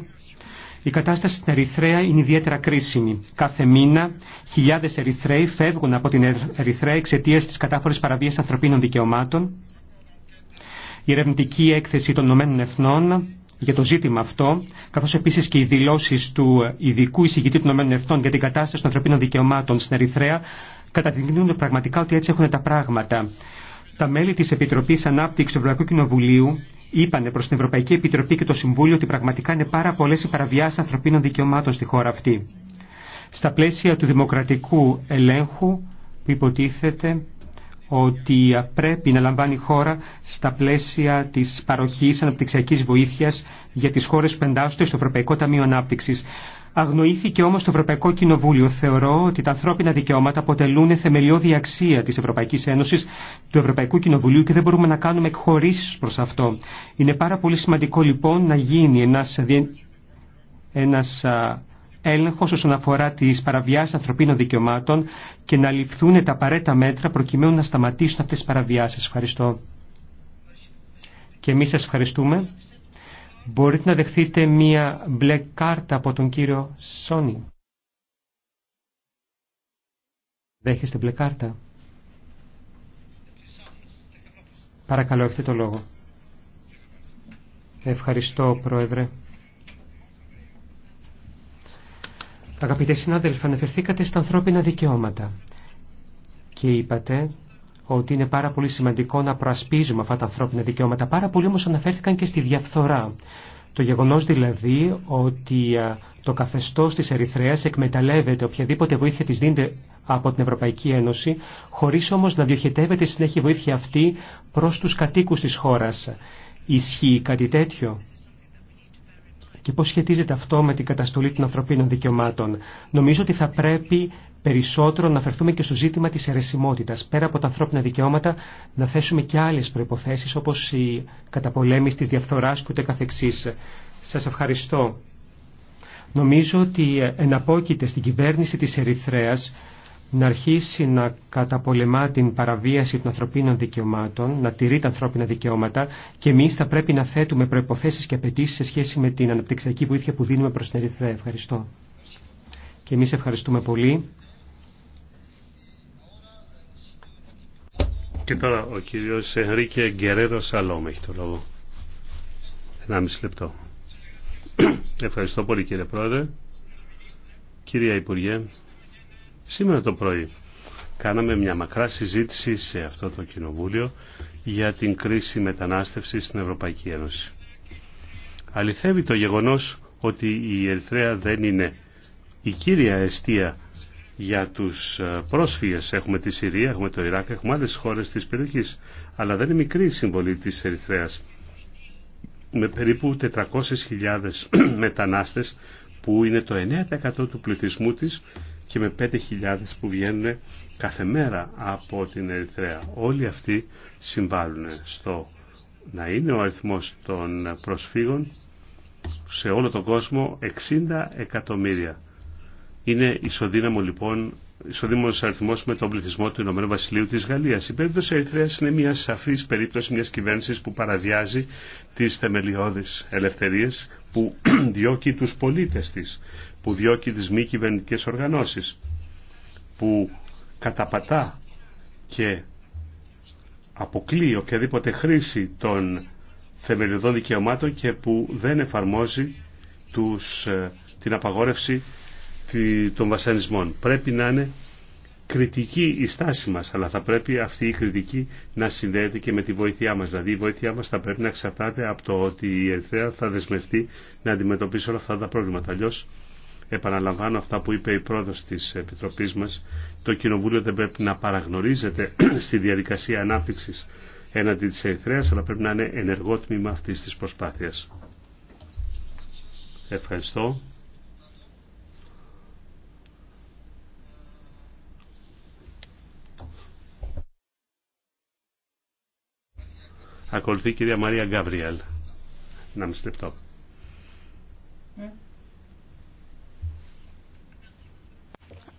Η κατάσταση στην Ερυθρέα είναι ιδιαίτερα κρίσιμη. Κάθε μήνα χιλιάδες Ερυθρέοι φεύγουν από την Ερυθρέα εξαιτία της κατάφορης παραβίας ανθρωπίνων δικαιωμάτων η ερευνητική έκθεση των Ηνωμένων Εθνών για το ζήτημα αυτό, καθώς επίσης και οι δηλώσεις του ειδικού εισηγητή των Ηνωμένων Εθνών για την κατάσταση των ανθρωπίνων δικαιωμάτων στην Ερυθρέα, καταδεικνύουν πραγματικά ότι έτσι έχουν τα πράγματα. Τα μέλη της Επιτροπής Ανάπτυξης του Ευρωπαϊκού Κοινοβουλίου είπαν προς την Ευρωπαϊκή Επιτροπή και το Συμβούλιο ότι πραγματικά είναι πάρα πολλές οι παραβιάσεις ανθρωπίνων δικαιωμάτων στη χώρα αυτή. Στα πλαίσια του δημοκρατικού ελέγχου που υποτίθεται ότι πρέπει να λαμβάνει η χώρα στα πλαίσια της παροχής αναπτυξιακής βοήθειας για τις χώρες που εντάσσονται στο Ευρωπαϊκό Ταμείο Ανάπτυξης. Αγνοήθηκε όμως το Ευρωπαϊκό Κοινοβούλιο. Θεωρώ ότι τα ανθρώπινα δικαιώματα αποτελούν θεμελιώδη αξία της Ευρωπαϊκής Ένωσης, του Ευρωπαϊκού Κοινοβουλίου και δεν μπορούμε να κάνουμε εκχωρήσεις προς αυτό. Είναι πάρα πολύ σημαντικό λοιπόν να γίνει ένας, έλεγχο όσον αφορά τι παραβιάσει ανθρωπίνων δικαιωμάτων και να ληφθούν τα απαραίτητα μέτρα προκειμένου να σταματήσουν αυτέ τι παραβιάσει. Ευχαριστώ. Και εμεί σα ευχαριστούμε. Μπορείτε να δεχθείτε μία μπλε κάρτα από τον κύριο Σόνι. Δέχεστε μπλε κάρτα. Παρακαλώ, έχετε το λόγο. Ευχαριστώ, Πρόεδρε. Αγαπητέ συνάδελφοι, αναφερθήκατε στα ανθρώπινα δικαιώματα και είπατε ότι είναι πάρα πολύ σημαντικό να προασπίζουμε αυτά τα ανθρώπινα δικαιώματα. Πάρα πολύ όμως αναφέρθηκαν και στη διαφθορά. Το γεγονός δηλαδή ότι το καθεστώς της Ερυθρέας εκμεταλλεύεται οποιαδήποτε βοήθεια της δίνεται από την Ευρωπαϊκή Ένωση, χωρίς όμως να διοχετεύεται συνέχεια βοήθεια αυτή προς τους κατοίκους της χώρας. Ισχύει κάτι τέτοιο και πώς σχετίζεται αυτό με την καταστολή των ανθρωπίνων δικαιωμάτων. Νομίζω ότι θα πρέπει περισσότερο να αφαιρθούμε και στο ζήτημα της αιρεσιμότητας. Πέρα από τα ανθρώπινα δικαιώματα να θέσουμε και άλλες προϋποθέσεις όπως η καταπολέμηση της διαφθοράς και ούτε καθεξής. Σας ευχαριστώ. Νομίζω ότι εναπόκειται στην κυβέρνηση της Ερυθρέας να αρχίσει να καταπολεμά την παραβίαση των ανθρωπίνων δικαιωμάτων, να τηρεί τα ανθρώπινα δικαιώματα και εμεί θα πρέπει να θέτουμε προποθέσει και απαιτήσει σε σχέση με την αναπτυξιακή βοήθεια που δίνουμε προ την Ερυθρέα. Ευχαριστώ. Και εμεί ευχαριστούμε πολύ. Και τώρα ο κύριος Ενρίκε Γκερέρο Σαλόμ έχει το λόγο. μισή λεπτό. Ευχαριστώ πολύ κύριε Πρόεδρε. Κυρία Υπουργέ, Σήμερα το πρωί κάναμε μια μακρά συζήτηση σε αυτό το κοινοβούλιο για την κρίση μετανάστευση στην Ευρωπαϊκή Ένωση. Αληθεύει το γεγονός ότι η Ερυθρέα δεν είναι η κύρια αιστεία για τους ε, πρόσφυγες. Έχουμε τη Συρία, έχουμε το Ιράκ, έχουμε άλλες χώρες της περιοχής, αλλά δεν είναι μικρή η συμβολή της Ερυθρέας. Με περίπου 400.000 μετανάστες που είναι το 9% του πληθυσμού της και με 5.000 που βγαίνουν κάθε μέρα από την Ερυθρέα. Όλοι αυτοί συμβάλλουν στο να είναι ο αριθμός των προσφύγων σε όλο τον κόσμο 60 εκατομμύρια. Είναι ισοδύναμο λοιπόν ισοδήμονο αριθμό με τον πληθυσμό του Ηνωμένου Βασιλείου τη Γαλλία. Η περίπτωση Ερυθρέα είναι μια σαφή περίπτωση μια κυβέρνηση που παραδιάζει τι θεμελιώδει ελευθερίε, που διώκει του πολίτε τη, που διώκει τι μη κυβερνητικέ οργανώσει, που καταπατά και αποκλείει οποιαδήποτε χρήση των θεμελιωδών δικαιωμάτων και που δεν εφαρμόζει τους, ε, την απαγόρευση των βασανισμών. Πρέπει να είναι κριτική η στάση μας, αλλά θα πρέπει αυτή η κριτική να συνδέεται και με τη βοήθειά μας. Δηλαδή η βοήθειά μας θα πρέπει να εξαρτάται από το ότι η Ερυθρέα θα δεσμευτεί να αντιμετωπίσει όλα αυτά τα προβλήματα. Αλλιώ επαναλαμβάνω αυτά που είπε η πρόεδρος της Επιτροπής μας, το Κοινοβούλιο δεν πρέπει να παραγνωρίζεται στη διαδικασία ανάπτυξης έναντι της ΕΕ αλλά πρέπει να είναι ενεργό τμήμα αυτής της προσπάθειας. Ευχαριστώ. Ακολουθεί η κυρία Μαρία Γκαβριέλ. Να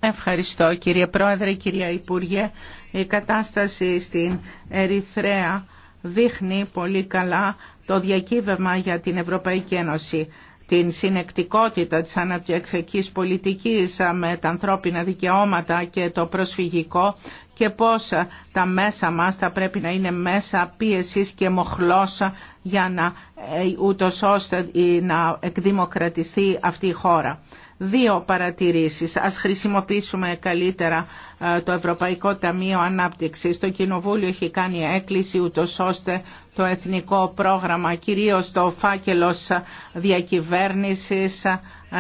Ευχαριστώ κύριε Πρόεδρε, κυρία Υπουργέ. Η κατάσταση στην Ερυθρέα δείχνει πολύ καλά το διακύβευμα για την Ευρωπαϊκή Ένωση την συνεκτικότητα της αναπτυξιακής πολιτικής με τα ανθρώπινα δικαιώματα και το προσφυγικό και πώς ε, τα μέσα μας θα πρέπει να είναι μέσα πίεσης και μοχλός για να ε, ούτως ώστε να εκδημοκρατιστεί αυτή η χώρα δύο παρατηρήσεις. Ας χρησιμοποιήσουμε καλύτερα ε, το Ευρωπαϊκό Ταμείο Ανάπτυξης. Το Κοινοβούλιο έχει κάνει έκκληση ούτως ώστε το εθνικό πρόγραμμα, κυρίως το φάκελος διακυβέρνησης,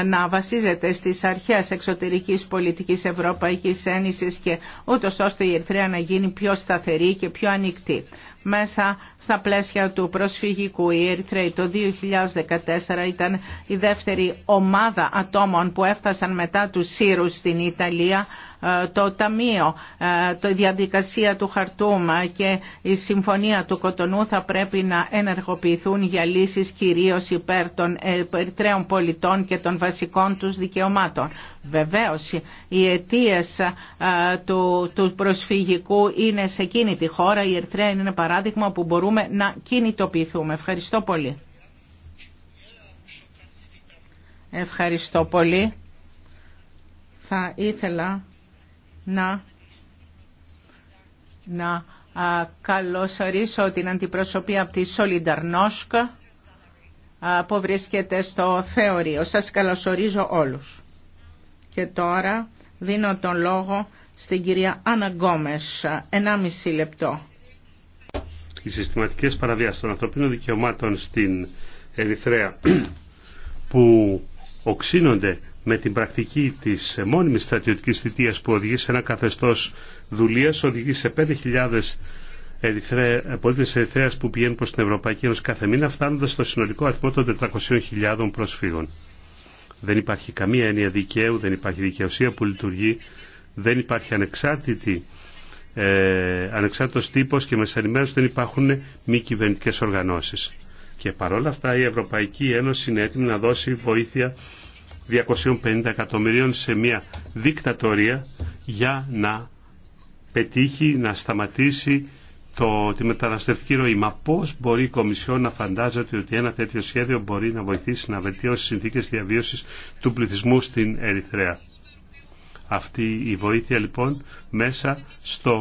να βασίζεται στις αρχές εξωτερικής πολιτικής Ευρωπαϊκής Ένωσης και ούτως ώστε η Ερθρέα να γίνει πιο σταθερή και πιο ανοιχτή μέσα στα πλαίσια του προσφυγικού. Η Ερυθρέη το 2014 ήταν η δεύτερη ομάδα ατόμων που έφτασαν μετά τους Σύρους στην Ιταλία το Ταμείο, ε, η διαδικασία του Χαρτούμα και η Συμφωνία του Κοτονού θα πρέπει να ενεργοποιηθούν για λύσεις κυρίως υπέρ των Ερτρέων πολιτών και των βασικών τους δικαιωμάτων. Βεβαίως, οι αιτίε ε, του, του προσφυγικού είναι σε εκείνη χώρα. Η Ερτρέα είναι ένα παράδειγμα που μπορούμε να κινητοποιηθούμε. Ευχαριστώ πολύ. Ευχαριστώ πολύ. Θα ήθελα να να καλωσορίσω την αντιπροσωπή από τη Σολινταρνόσκ που βρίσκεται στο θεωρείο. Σας καλωσορίζω όλους. Και τώρα δίνω τον λόγο στην κυρία Άννα Γκόμες. μισή λεπτό. Οι συστηματικές παραβιάσεις των ανθρωπίνων δικαιωμάτων στην Ερυθρέα που οξύνονται με την πρακτική της μόνιμης στρατιωτικής θητείας που οδηγεί σε ένα καθεστώς δουλείας, οδηγεί σε 5.000 Ερυθρέ, πολίτες Ερυθρέας που πηγαίνουν προς την Ευρωπαϊκή Ένωση κάθε μήνα φτάνοντας στο συνολικό αριθμό των 400.000 προσφύγων. Δεν υπάρχει καμία έννοια δικαίου, δεν υπάρχει δικαιοσία που λειτουργεί, δεν υπάρχει ανεξάρτητη, ε, ανεξάρτητος τύπος και μεσανημένως δεν υπάρχουν μη κυβερνητικές οργανώσεις. Και παρόλα αυτά η Ευρωπαϊκή Ένωση είναι έτοιμη να δώσει βοήθεια 250 εκατομμυρίων σε μια δικτατορία για να πετύχει, να σταματήσει το, τη μεταναστευτική ροή. Μα πώς μπορεί η Κομισιόν να φαντάζεται ότι ένα τέτοιο σχέδιο μπορεί να βοηθήσει να βελτιώσει συνθήκες διαβίωσης του πληθυσμού στην Ερυθρέα αυτή η βοήθεια λοιπόν μέσα στο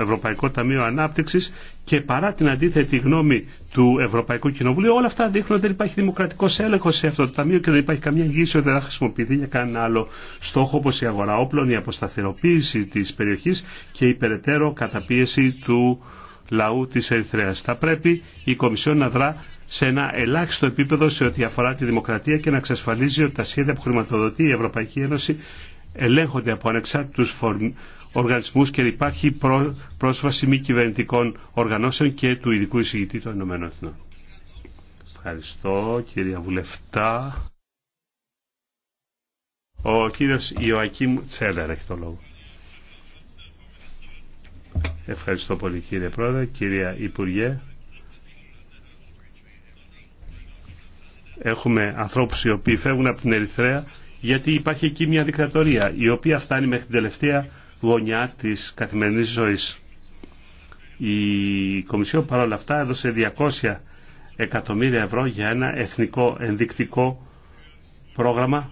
Ευρωπαϊκό Ταμείο Ανάπτυξης και παρά την αντίθετη γνώμη του Ευρωπαϊκού Κοινοβουλίου όλα αυτά δείχνουν ότι δεν υπάρχει δημοκρατικός έλεγχος σε αυτό το Ταμείο και δεν υπάρχει καμία εγγύηση ότι δεν θα χρησιμοποιηθεί για κανένα άλλο στόχο όπως η αγορά όπλων, η αποσταθεροποίηση της περιοχής και η περαιτέρω καταπίεση του λαού της Ερυθρέας. Θα πρέπει η Κομισιόν να δρά σε ένα ελάχιστο επίπεδο σε ό,τι αφορά τη δημοκρατία και να εξασφαλίζει ότι τα σχέδια που χρηματοδοτεί η Ευρωπαϊκή Ένωση ελέγχονται από ανεξάρτητους οργανισμούς και υπάρχει πρόσβαση μη κυβερνητικών οργανώσεων και του ειδικού εισηγητή των Ηνωμένων Ευχαριστώ κυρία Βουλευτά. Ο κύριος Ιωακίμ Τσέλερ έχει το λόγο. Ευχαριστώ πολύ κύριε Πρόεδρε, κυρία Υπουργέ. Έχουμε ανθρώπους οι οποίοι φεύγουν από την Ερυθρέα γιατί υπάρχει εκεί μια δικτατορία η οποία φτάνει μέχρι την τελευταία γωνιά της καθημερινής ζωής. Η Κομισιόν παρόλα αυτά έδωσε 200 εκατομμύρια ευρώ για ένα εθνικό ενδεικτικό πρόγραμμα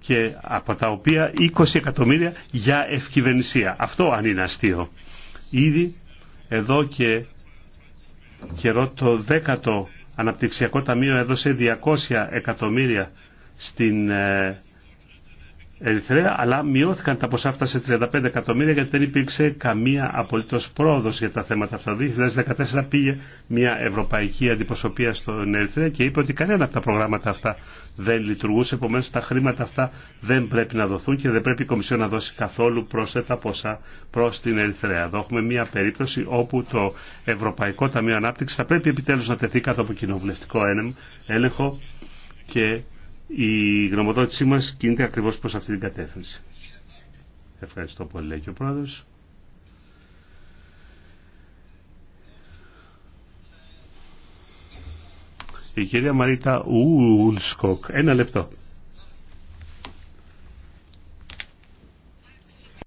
και από τα οποία 20 εκατομμύρια για ευκυβερνησία. Αυτό αν είναι αστείο. Ήδη εδώ και καιρό το 10ο Αναπτυξιακό Ταμείο έδωσε 200 εκατομμύρια στην ε, Ερυθρέα, αλλά μειώθηκαν τα ποσά αυτά σε 35 εκατομμύρια γιατί δεν υπήρξε καμία απολύτως πρόοδος για τα θέματα αυτά. Το 2014 πήγε μια ευρωπαϊκή αντιπροσωπεία στον Ερυθρέα και είπε ότι κανένα από τα προγράμματα αυτά δεν λειτουργούσε, επομένω τα χρήματα αυτά δεν πρέπει να δοθούν και δεν πρέπει η Κομισιόν να δώσει καθόλου πρόσθετα ποσά προ την Ερυθρέα. Εδώ έχουμε μια περίπτωση όπου το Ευρωπαϊκό Ταμείο Ανάπτυξη θα πρέπει επιτέλου να τεθεί κάτω από κοινοβουλευτικό έλεγχο και η γνωμοδότησή μας κινείται ακριβώς προς αυτή την κατεύθυνση. Ευχαριστώ πολύ, λέει και ο πρόεδρος. Η κυρία Μαρίτα Ουλσκοκ. Ένα λεπτό.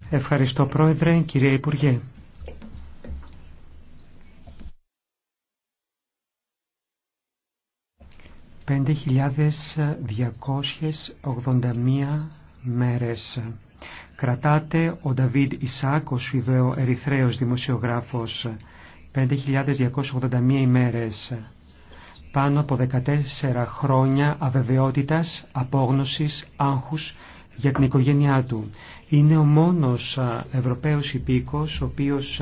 Ευχαριστώ πρόεδρε, κυρία Υπουργέ. 5.281 μέρες. Κρατάτε ο Νταβίτ Ισάκ, ο Ερυθρέος δημοσιογράφος, 5.281 ημέρες. Πάνω από 14 χρόνια αβεβαιότητας, απόγνωσης, άγχους για την οικογένειά του. Είναι ο μόνος Ευρωπαίος υπήκος, ο οποίος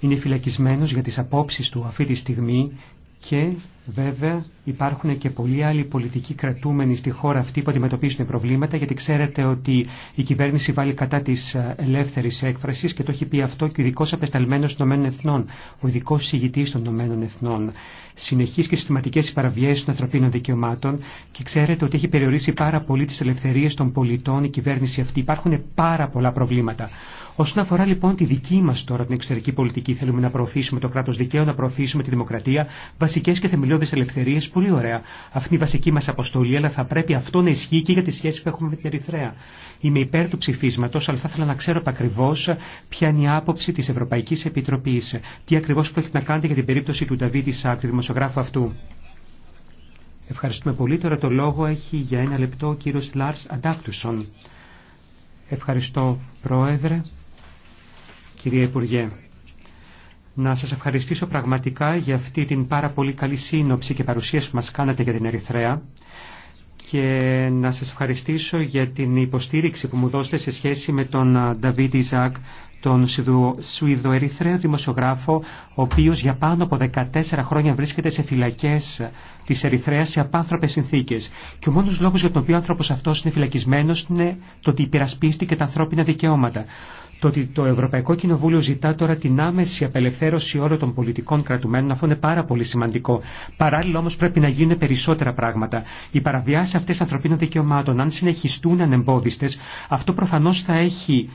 είναι φυλακισμένος για τις απόψεις του αυτή τη στιγμή και Βέβαια, υπάρχουν και πολλοί άλλοι πολιτικοί κρατούμενοι στη χώρα αυτή που αντιμετωπίζουν προβλήματα, γιατί ξέρετε ότι η κυβέρνηση βάλει κατά τη ε, ελεύθερη έκφραση και το έχει πει αυτό και ο ειδικό απεσταλμένο των ΗΕ, ο ειδικό συγητή των ΗΕ. Συνεχεί και συστηματικέ παραβιέ των ανθρωπίνων δικαιωμάτων και ξέρετε ότι έχει περιορίσει πάρα πολύ τι ελευθερίε των πολιτών η κυβέρνηση αυτή. Υπάρχουν πάρα πολλά προβλήματα. Όσον αφορά λοιπόν τη δική μα τώρα την εξωτερική πολιτική, θέλουμε να προωθήσουμε το κράτο δικαίου, να προωθήσουμε τη δημοκρατία, βασικέ και θεμελιώδει θεμελιώδει ελευθερίε, πολύ ωραία. Αυτή είναι η βασική μα αποστολή, αλλά θα πρέπει αυτό να ισχύει και για τη σχέση που έχουμε με την Ερυθρέα. Είμαι υπέρ του ψηφίσματο, αλλά θα ήθελα να ξέρω ακριβώ ποια είναι η άποψη τη Ευρωπαϊκή Επιτροπή. Τι ακριβώ πρέπει να κάνετε για την περίπτωση του Νταβίτη Σάκ, του δημοσιογράφου αυτού. Ευχαριστούμε πολύ. Τώρα το λόγο έχει για ένα λεπτό ο κύριο Λάρ Αντάκτουσον. Ευχαριστώ, Πρόεδρε. Κυρία Υπουργέ να σας ευχαριστήσω πραγματικά για αυτή την πάρα πολύ καλή σύνοψη και παρουσίαση που μας κάνατε για την Ερυθρέα και να σας ευχαριστήσω για την υποστήριξη που μου δώσετε σε σχέση με τον Νταβίτ Ιζακ, τον Σουηδοερυθρέο δημοσιογράφο, ο οποίος για πάνω από 14 χρόνια βρίσκεται σε φυλακές της Ερυθρέας σε απάνθρωπες συνθήκες. Και ο μόνος λόγος για τον οποίο ο άνθρωπος αυτός είναι φυλακισμένος είναι το ότι υπερασπίστηκε τα ανθρώπινα δικαιώματα το ότι το Ευρωπαϊκό Κοινοβούλιο ζητά τώρα την άμεση απελευθέρωση όλων των πολιτικών κρατουμένων, αυτό είναι πάρα πολύ σημαντικό. Παράλληλα όμω πρέπει να γίνουν περισσότερα πράγματα. Οι παραβιάσει αυτέ ανθρωπίνων δικαιωμάτων, αν συνεχιστούν ανεμπόδιστε, αυτό προφανώ θα έχει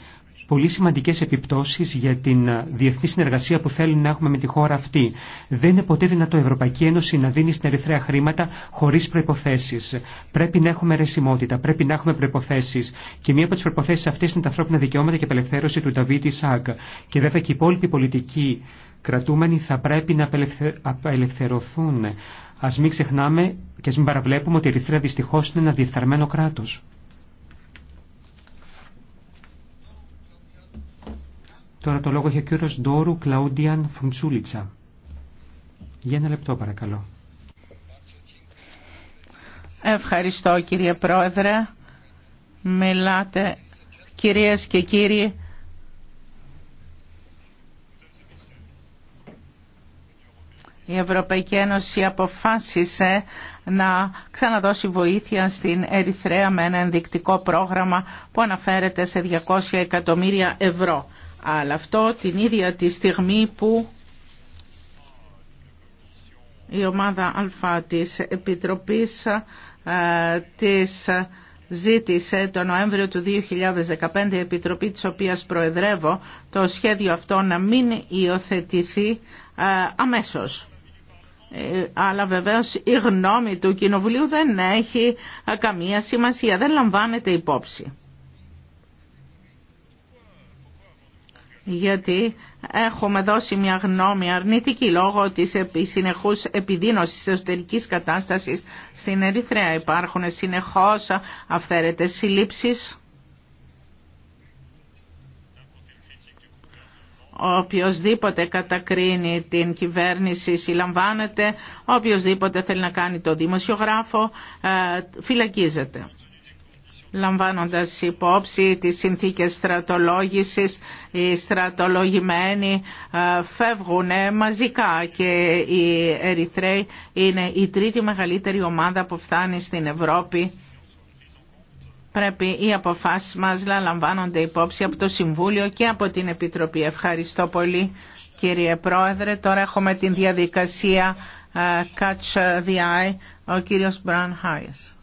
πολύ σημαντικέ επιπτώσει για την ε, διεθνή συνεργασία που θέλουν να έχουμε με τη χώρα αυτή. Δεν είναι ποτέ δυνατό η Ευρωπαϊκή Ένωση να δίνει στην Ερυθρέα χρήματα χωρί προποθέσει. Πρέπει να έχουμε ρεσιμότητα, πρέπει να έχουμε προποθέσει. Και μία από τι προποθέσει αυτέ είναι τα ανθρώπινα δικαιώματα και η απελευθέρωση του Ταβίτη ΣΑΚ. Και βέβαια και οι υπόλοιποι πολιτικοί κρατούμενοι θα πρέπει να απελευθερωθούν. Α μην ξεχνάμε και ας μην παραβλέπουμε ότι η Ερυθρέα δυστυχώς είναι ένα διεφθαρμένο κράτος. Τώρα το λόγο έχει ο κύριος Ντόρου Κλαούντιαν Φουντσούλιτσα. Για ένα λεπτό παρακαλώ. Ευχαριστώ κύριε Πρόεδρε. Μιλάτε κυρίες και κύριοι. Η Ευρωπαϊκή Ένωση αποφάσισε να ξαναδώσει βοήθεια στην Ερυθρέα με ένα ενδεικτικό πρόγραμμα που αναφέρεται σε 200 εκατομμύρια ευρώ. Αλλά αυτό την ίδια τη στιγμή που η ομάδα Α της Επιτροπής ε, της ζήτησε το Νοέμβριο του 2015 η Επιτροπή της οποίας προεδρεύω το σχέδιο αυτό να μην υιοθετηθεί ε, αμέσως. Ε, αλλά βεβαίως η γνώμη του Κοινοβουλίου δεν έχει καμία σημασία, δεν λαμβάνεται υπόψη. γιατί έχουμε δώσει μια γνώμη αρνητική λόγω της συνεχούς επιδείνωσης της εσωτερικής κατάστασης στην Ερυθρέα. Υπάρχουν συνεχώς αυθαίρετες συλλήψεις. Οποιοςδήποτε κατακρίνει την κυβέρνηση συλλαμβάνεται, οποιοςδήποτε θέλει να κάνει το δημοσιογράφο ε, φυλακίζεται λαμβάνοντας υπόψη τις συνθήκες στρατολόγησης, οι στρατολογημένοι ε, φεύγουν ε, μαζικά και οι Ερυθρέοι είναι η τρίτη μεγαλύτερη ομάδα που φτάνει στην Ευρώπη. Πρέπει οι αποφάσεις μας να λαμβάνονται υπόψη από το Συμβούλιο και από την Επιτροπή. Ευχαριστώ πολύ κύριε Πρόεδρε. Τώρα έχουμε την διαδικασία ε, Catch the Eye, ο κύριος Μπραν Χάιες.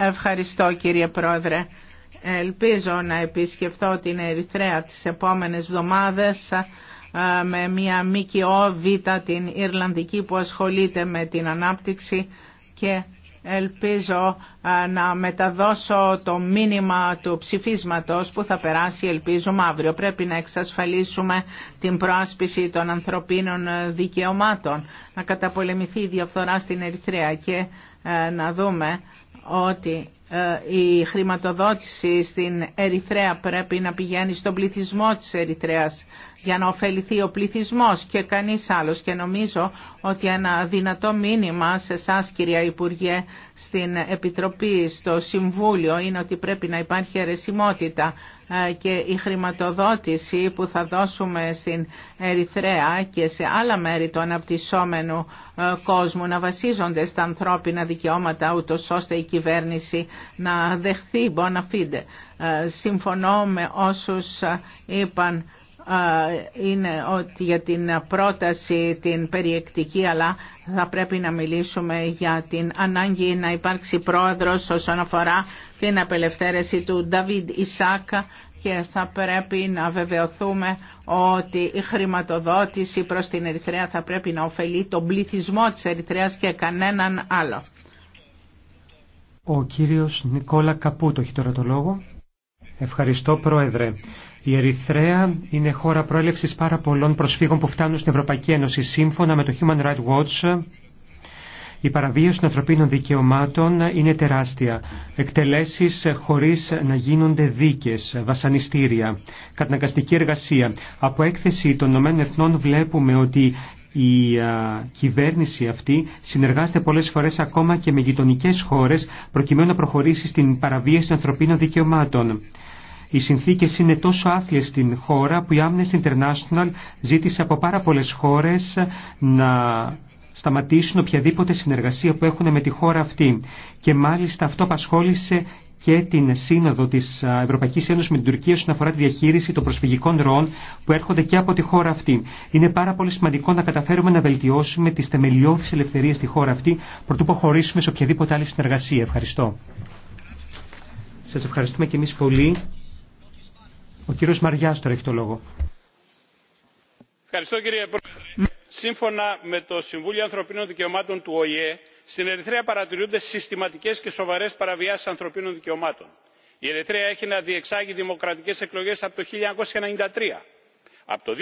Ευχαριστώ κύριε Πρόεδρε. Ελπίζω να επισκεφθώ την Ερυθρέα τις επόμενες εβδομάδες με μια ΜΚΟ Β την Ιρλανδική που ασχολείται με την ανάπτυξη και ελπίζω να μεταδώσω το μήνυμα του ψηφίσματος που θα περάσει ελπίζουμε αύριο. Πρέπει να εξασφαλίσουμε την προάσπιση των ανθρωπίνων δικαιωμάτων, να καταπολεμηθεί η διαφθορά στην Ερυθρέα και ε, να δούμε ότι ε, η χρηματοδότηση στην Ερυθρέα πρέπει να πηγαίνει στον πληθυσμό της Ερυθρέας για να ωφεληθεί ο πληθυσμός και κανείς άλλος. Και νομίζω ότι ένα δυνατό μήνυμα σε εσά κυρία Υπουργέ, στην Επιτροπή, στο Συμβούλιο, είναι ότι πρέπει να υπάρχει αιρεσιμότητα ε, και η χρηματοδότηση που θα δώσουμε στην Ερυθρέα και σε άλλα μέρη του αναπτυσσόμενου ε, κόσμου να βασίζονται στα ανθρώπινα δικαιώματα, ούτω ώστε η κυβέρνηση να δεχθεί να fide. Ε, συμφωνώ με όσους είπαν είναι ότι για την πρόταση την περιεκτική αλλά θα πρέπει να μιλήσουμε για την ανάγκη να υπάρξει πρόεδρος όσον αφορά την απελευθέρωση του Νταβίντ Ισάκα και θα πρέπει να βεβαιωθούμε ότι η χρηματοδότηση προς την Ερυθρέα θα πρέπει να ωφελεί τον πληθυσμό της Ερυθρέας και κανέναν άλλο. Ο κύριος Νικόλα Καπούτο τώρα το λόγο. Ευχαριστώ Πρόεδρε. Η Ερυθρέα είναι χώρα προέλευσης πάρα πολλών προσφύγων που φτάνουν στην Ευρωπαϊκή Ένωση. Σύμφωνα με το Human Rights Watch, η παραβίαση των ανθρωπίνων δικαιωμάτων είναι τεράστια. Εκτελέσεις χωρίς να γίνονται δίκες, βασανιστήρια, καταναγκαστική εργασία. Από έκθεση των ΗΕ βλέπουμε ότι η α, κυβέρνηση αυτή συνεργάζεται πολλές φορές ακόμα και με γειτονικέ χώρες προκειμένου να προχωρήσει στην παραβίαση των ανθρωπίνων δικαιωμάτων. Οι συνθήκε είναι τόσο άθλιε στην χώρα που η Amnesty International ζήτησε από πάρα πολλέ χώρε να σταματήσουν οποιαδήποτε συνεργασία που έχουν με τη χώρα αυτή. Και μάλιστα αυτό απασχόλησε και την σύνοδο τη Ευρωπαϊκή Ένωση με την Τουρκία όσον αφορά τη διαχείριση των προσφυγικών ροών που έρχονται και από τη χώρα αυτή. Είναι πάρα πολύ σημαντικό να καταφέρουμε να βελτιώσουμε τι θεμελιώδει ελευθερίε στη χώρα αυτή προτού προχωρήσουμε σε οποιαδήποτε άλλη συνεργασία. Ευχαριστώ. Σα ευχαριστούμε και εμεί πολύ. Ο κύριος Μαριάς τώρα έχει το λόγο. Ευχαριστώ κύριε Πρόεδρε. Σύμφωνα με το Συμβούλιο Ανθρωπίνων Δικαιωμάτων του ΟΗΕ, στην Ερυθρέα παρατηρούνται συστηματικές και σοβαρές παραβιάσεις ανθρωπίνων δικαιωμάτων. Η Ερυθρέα έχει να διεξάγει δημοκρατικές εκλογές από το 1993. Από το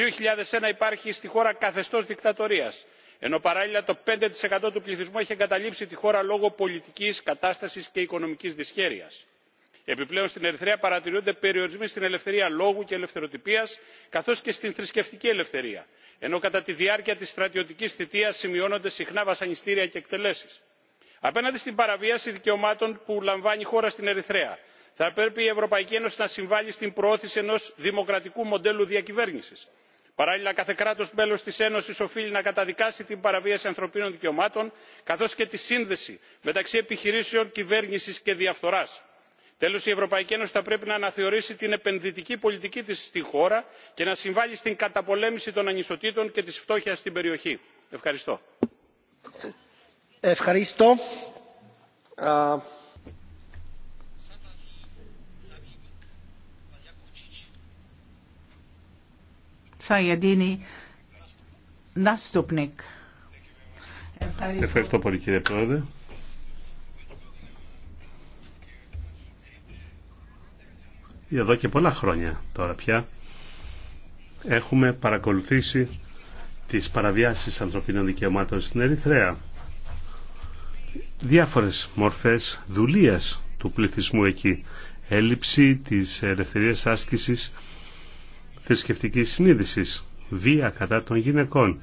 2001 υπάρχει στη χώρα καθεστώς δικτατορίας, ενώ παράλληλα το 5% του πληθυσμού έχει εγκαταλείψει τη χώρα λόγω πολιτικής κατάστασης και οικονομικής δυσχέρειας επιπλέον στην ερυθρέα παρατηρούνται περιορισμοί στην ελευθερία λόγου και ελευθεροτυπίας καθώς και στην θρησκευτική ελευθερία ενώ κατά τη διάρκεια της στρατιωτικής θητείας σημειώνονται συχνά βασανιστήρια και εκτελέσεις. απέναντι στην παραβίαση δικαιωμάτων που λαμβάνει η χώρα στην ερυθρέα θα πρέπει η ευρωπαϊκή ένωση να συμβάλει στην προώθηση ενός δημοκρατικού μοντέλου διακυβέρνησης. παράλληλα κάθε κράτο μέλο της ένωσης οφείλει να καταδικάσει την παραβίαση ανθρωπίνων δικαιωμάτων καθώς και τη σύνδεση μεταξύ επιχειρήσεων κυβέρνηση και διαφθοράς τέλος η ευρωπαϊκή ένωση θα πρέπει να αναθεωρήσει την επενδυτική πολιτική της στη χώρα και να συμβάλει στην καταπολέμηση των ανισοτήτων και της φτώχειας στην περιοχή. ευχαριστώ. ευχαριστώ. Ευχαριστώ. Ευχαριστώ πολύ κύριε Πρόεδρε. εδώ και πολλά χρόνια τώρα πια έχουμε παρακολουθήσει τις παραβιάσεις ανθρωπίνων δικαιωμάτων στην Ερυθρέα. Διάφορες μορφές δουλείας του πληθυσμού εκεί. Έλλειψη της ελευθερίας άσκησης θρησκευτική συνείδησης. Βία κατά των γυναικών.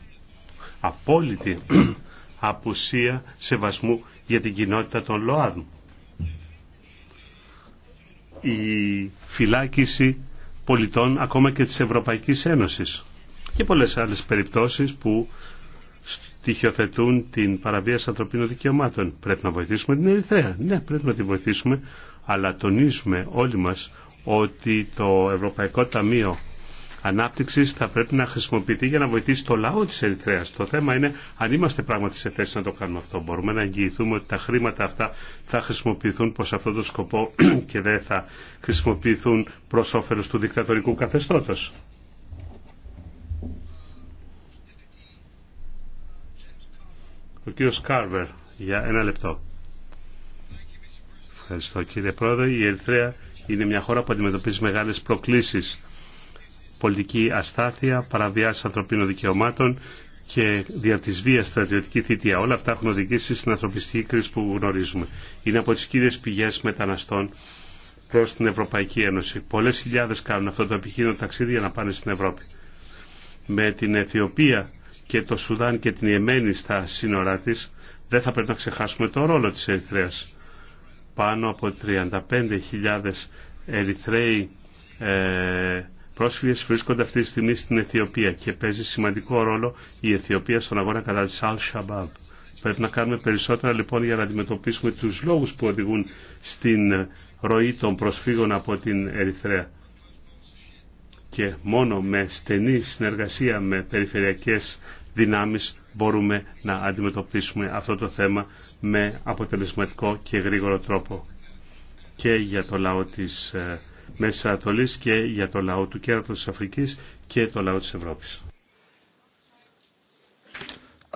Απόλυτη απουσία σεβασμού για την κοινότητα των ΛΟΑΔΜ η φυλάκιση πολιτών ακόμα και της Ευρωπαϊκής Ένωσης και πολλές άλλες περιπτώσεις που στοιχειοθετούν την παραβίαση ανθρωπίνων δικαιωμάτων. Πρέπει να βοηθήσουμε την Ερυθρέα. Ναι, πρέπει να τη βοηθήσουμε, αλλά τονίζουμε όλοι μας ότι το Ευρωπαϊκό Ταμείο Ανάπτυξη θα πρέπει να χρησιμοποιηθεί για να βοηθήσει το λαό τη Ερυθρέα. Το θέμα είναι αν είμαστε πράγματι σε θέση να το κάνουμε αυτό. Μπορούμε να εγγυηθούμε ότι τα χρήματα αυτά θα χρησιμοποιηθούν προ αυτό το σκοπό και δεν θα χρησιμοποιηθούν προ όφελος του δικτατορικού καθεστώτος. Ο κύριος Κάρβερ για ένα λεπτό. Ευχαριστώ κύριε Πρόεδρε. Η Ερυθρέα είναι μια χώρα που αντιμετωπίζει μεγάλες προκλήσεις πολιτική αστάθεια, παραβιάσεις ανθρωπίνων δικαιωμάτων και δια της βίας στρατιωτική θητεία. Όλα αυτά έχουν οδηγήσει στην ανθρωπιστική κρίση που γνωρίζουμε. Είναι από τις κύριες πηγές μεταναστών προς την Ευρωπαϊκή Ένωση. Πολλές χιλιάδες κάνουν αυτό το επιχείρημα ταξίδι για να πάνε στην Ευρώπη. Με την Αιθιοπία και το Σουδάν και την Ιεμένη στα σύνορά της, δεν θα πρέπει να ξεχάσουμε το ρόλο της Ερυθρέας. Πάνω από 35.000 Ερυθρέοι ε, πρόσφυγες βρίσκονται αυτή τη στιγμή στην Αιθιοπία και παίζει σημαντικό ρόλο η Αιθιοπία στον αγώνα κατά της Al-Shabaab. Πρέπει να κάνουμε περισσότερα λοιπόν για να αντιμετωπίσουμε τους λόγους που οδηγούν στην ροή των προσφύγων από την Ερυθρέα. Και μόνο με στενή συνεργασία με περιφερειακές δυνάμεις μπορούμε να αντιμετωπίσουμε αυτό το θέμα με αποτελεσματικό και γρήγορο τρόπο. Και για το λαό της ε, μέσα Ανατολής και για το λαό του κέρατος της Αφρικής και το λαό της Ευρώπης.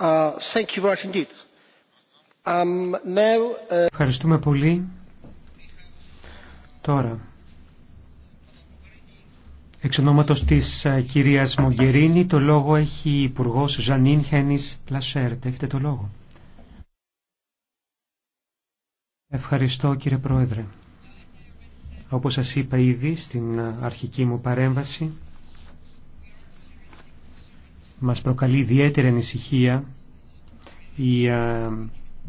Uh, thank you um, now, uh... Ευχαριστούμε πολύ. Τώρα, εξ ονόματος της ε, κυρίας Μογκερίνη, το λόγο έχει η Υπουργός Ζανίν Χένις Πλασέρτ. Έχετε το λόγο. Ευχαριστώ κύριε Πρόεδρε. Όπως σας είπα ήδη στην αρχική μου παρέμβαση, μας προκαλεί ιδιαίτερη ανησυχία η ε,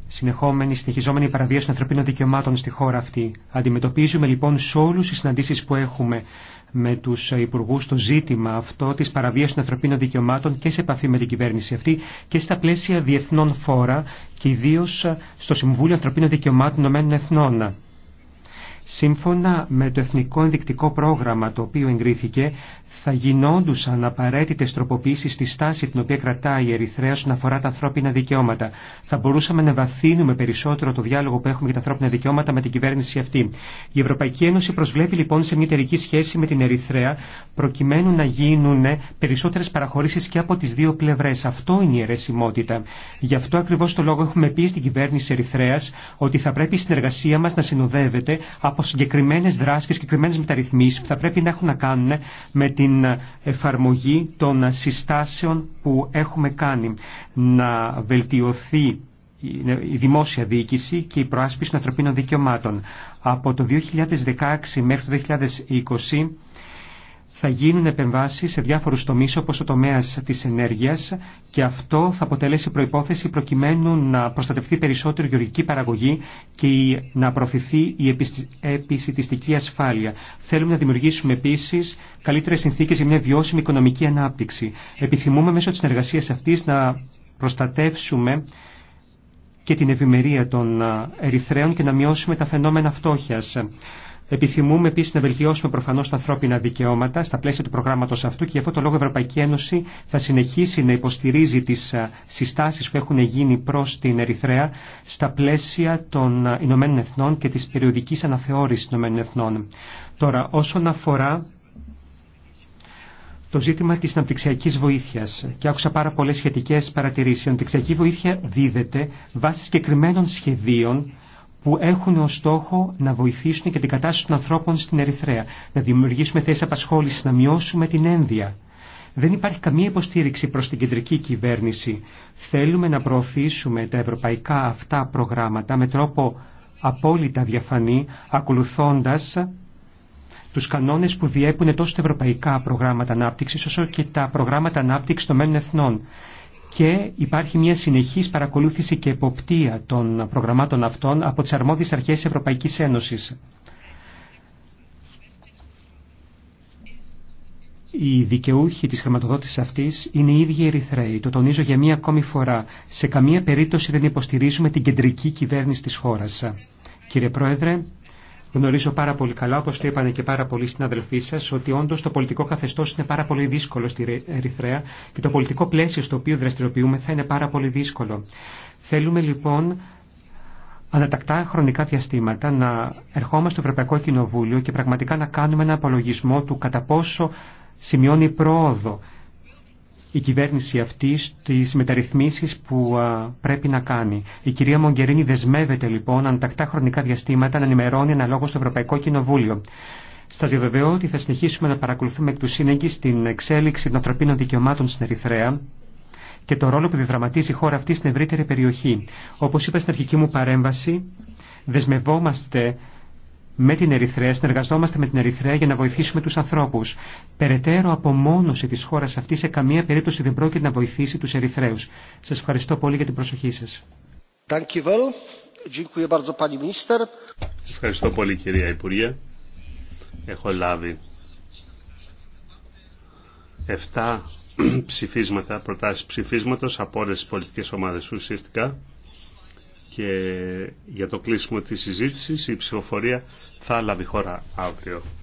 συνεχόμενη, συνεχιζόμενη παραβίαση των ανθρωπίνων δικαιωμάτων στη χώρα αυτή. Αντιμετωπίζουμε λοιπόν σε όλου τι συναντήσει που έχουμε με τους υπουργού το ζήτημα αυτό τη παραβίαση των ανθρωπίνων δικαιωμάτων και σε επαφή με την κυβέρνηση αυτή και στα πλαίσια διεθνών φόρα και ιδίω στο Συμβούλιο Ανθρωπίνων Δικαιωμάτων Ηνωμένων Εθνών. Σύμφωνα με το Εθνικό Ενδεικτικό Πρόγραμμα το οποίο εγκρίθηκε, θα γινόντουσαν απαραίτητε τροποποίησει στη στάση την οποία κρατάει η Ερυθρέα όσον αφορά τα ανθρώπινα δικαιώματα. Θα μπορούσαμε να βαθύνουμε περισσότερο το διάλογο που έχουμε για τα ανθρώπινα δικαιώματα με την κυβέρνηση αυτή. Η Ευρωπαϊκή Ένωση προσβλέπει λοιπόν σε μια εταιρική σχέση με την Ερυθρέα προκειμένου να γίνουν περισσότερε παραχωρήσει και από τι δύο πλευρέ. Αυτό είναι η αιρεσιμότητα. Γι' αυτό ακριβώ το λόγο έχουμε πει στην κυβέρνηση Ερυθρέα ότι θα πρέπει η συνεργασία μα να συνοδεύεται από από συγκεκριμένες δράσεις και συγκεκριμένες μεταρρυθμίσεις που θα πρέπει να έχουν να κάνουν με την εφαρμογή των συστάσεων που έχουμε κάνει. Να βελτιωθεί η δημόσια διοίκηση και η προάσπιση των ανθρωπίνων δικαιωμάτων. Από το 2016 μέχρι το 2020 θα γίνουν επεμβάσεις σε διάφορους τομείς όπως ο τομέας της ενέργειας και αυτό θα αποτελέσει προϋπόθεση προκειμένου να προστατευτεί περισσότερο η γεωργική παραγωγή και να προωθηθεί η επισητιστική ασφάλεια. Θέλουμε να δημιουργήσουμε επίσης καλύτερες συνθήκες για μια βιώσιμη οικονομική ανάπτυξη. Επιθυμούμε μέσω της συνεργασίας αυτής να προστατεύσουμε και την ευημερία των ε, Ερυθρέων και να μειώσουμε τα φαινόμενα φτώχειας. Επιθυμούμε επίση να βελτιώσουμε προφανώ τα ανθρώπινα δικαιώματα στα πλαίσια του προγράμματο αυτού και γι' αυτό το λόγο η Ευρωπαϊκή Ένωση θα συνεχίσει να υποστηρίζει τι συστάσει που έχουν γίνει προ την Ερυθρέα στα πλαίσια των Ηνωμένων Εθνών και τη περιοδική αναθεώρηση των Ηνωμένων Εθνών. Τώρα, όσον αφορά το ζήτημα της αναπτυξιακής βοήθειας και άκουσα πάρα πολλές σχετικές παρατηρήσεις. Η αναπτυξιακή βοήθεια δίδεται βάσει συγκεκριμένων σχεδίων που έχουν ως στόχο να βοηθήσουν και την κατάσταση των ανθρώπων στην Ερυθρέα, να δημιουργήσουμε θέσεις απασχόλησης, να μειώσουμε την ένδια. Δεν υπάρχει καμία υποστήριξη προς την κεντρική κυβέρνηση. Θέλουμε να προωθήσουμε τα ευρωπαϊκά αυτά προγράμματα με τρόπο απόλυτα διαφανή, ακολουθώντας τους κανόνες που διέπουν τόσο τα ευρωπαϊκά προγράμματα ανάπτυξης όσο και τα προγράμματα ανάπτυξης των μένων εθνών και υπάρχει μια συνεχής παρακολούθηση και εποπτεία των προγραμμάτων αυτών από τις αρμόδιες αρχές της Ευρωπαϊκής Ένωσης. Οι δικαιούχοι της χρηματοδότησης αυτής είναι οι ίδιοι Ερυθρέοι. Το τονίζω για μία ακόμη φορά. Σε καμία περίπτωση δεν υποστηρίζουμε την κεντρική κυβέρνηση της χώρας. Κύριε Πρόεδρε, Γνωρίζω πάρα πολύ καλά, όπω το είπαν και πάρα πολλοί συναδελφοί σα, ότι όντω το πολιτικό καθεστώ είναι πάρα πολύ δύσκολο στη Ερυθρέα και το πολιτικό πλαίσιο στο οποίο δραστηριοποιούμε θα είναι πάρα πολύ δύσκολο. Θέλουμε λοιπόν ανατακτά χρονικά διαστήματα να ερχόμαστε στο Ευρωπαϊκό Κοινοβούλιο και πραγματικά να κάνουμε ένα απολογισμό του κατά πόσο σημειώνει πρόοδο η κυβέρνηση αυτή στις μεταρρυθμίσεις που πρέπει να κάνει. Η κυρία Μογκερίνη δεσμεύεται λοιπόν αντακτά χρονικά διαστήματα να ενημερώνει αναλόγω στο Ευρωπαϊκό Κοινοβούλιο. Σα διαβεβαιώ ότι θα συνεχίσουμε να παρακολουθούμε εκ του σύνεγγυ στην εξέλιξη των ανθρωπίνων δικαιωμάτων στην Ερυθρέα και το ρόλο που διδραματίζει η χώρα αυτή στην ευρύτερη περιοχή. Όπω είπα στην αρχική μου παρέμβαση, δεσμευόμαστε με την Ερυθρέα, συνεργαζόμαστε με την Ερυθρέα για να βοηθήσουμε του ανθρώπου. Περαιτέρω απομόνωση τη χώρα αυτή σε καμία περίπτωση δεν πρόκειται να βοηθήσει του Ερυθρέου. Σα ευχαριστώ πολύ για την προσοχή σα. Ευχαριστώ πολύ κυρία Υπουργέ. Έχω λάβει 7 ψηφίσματα, προτάσεις ψηφίσματος από όλες τις πολιτικές ομάδες ουσιαστικά και για το κλείσιμο της συζήτησης η ψηφοφορία θα λάβει χώρα αύριο.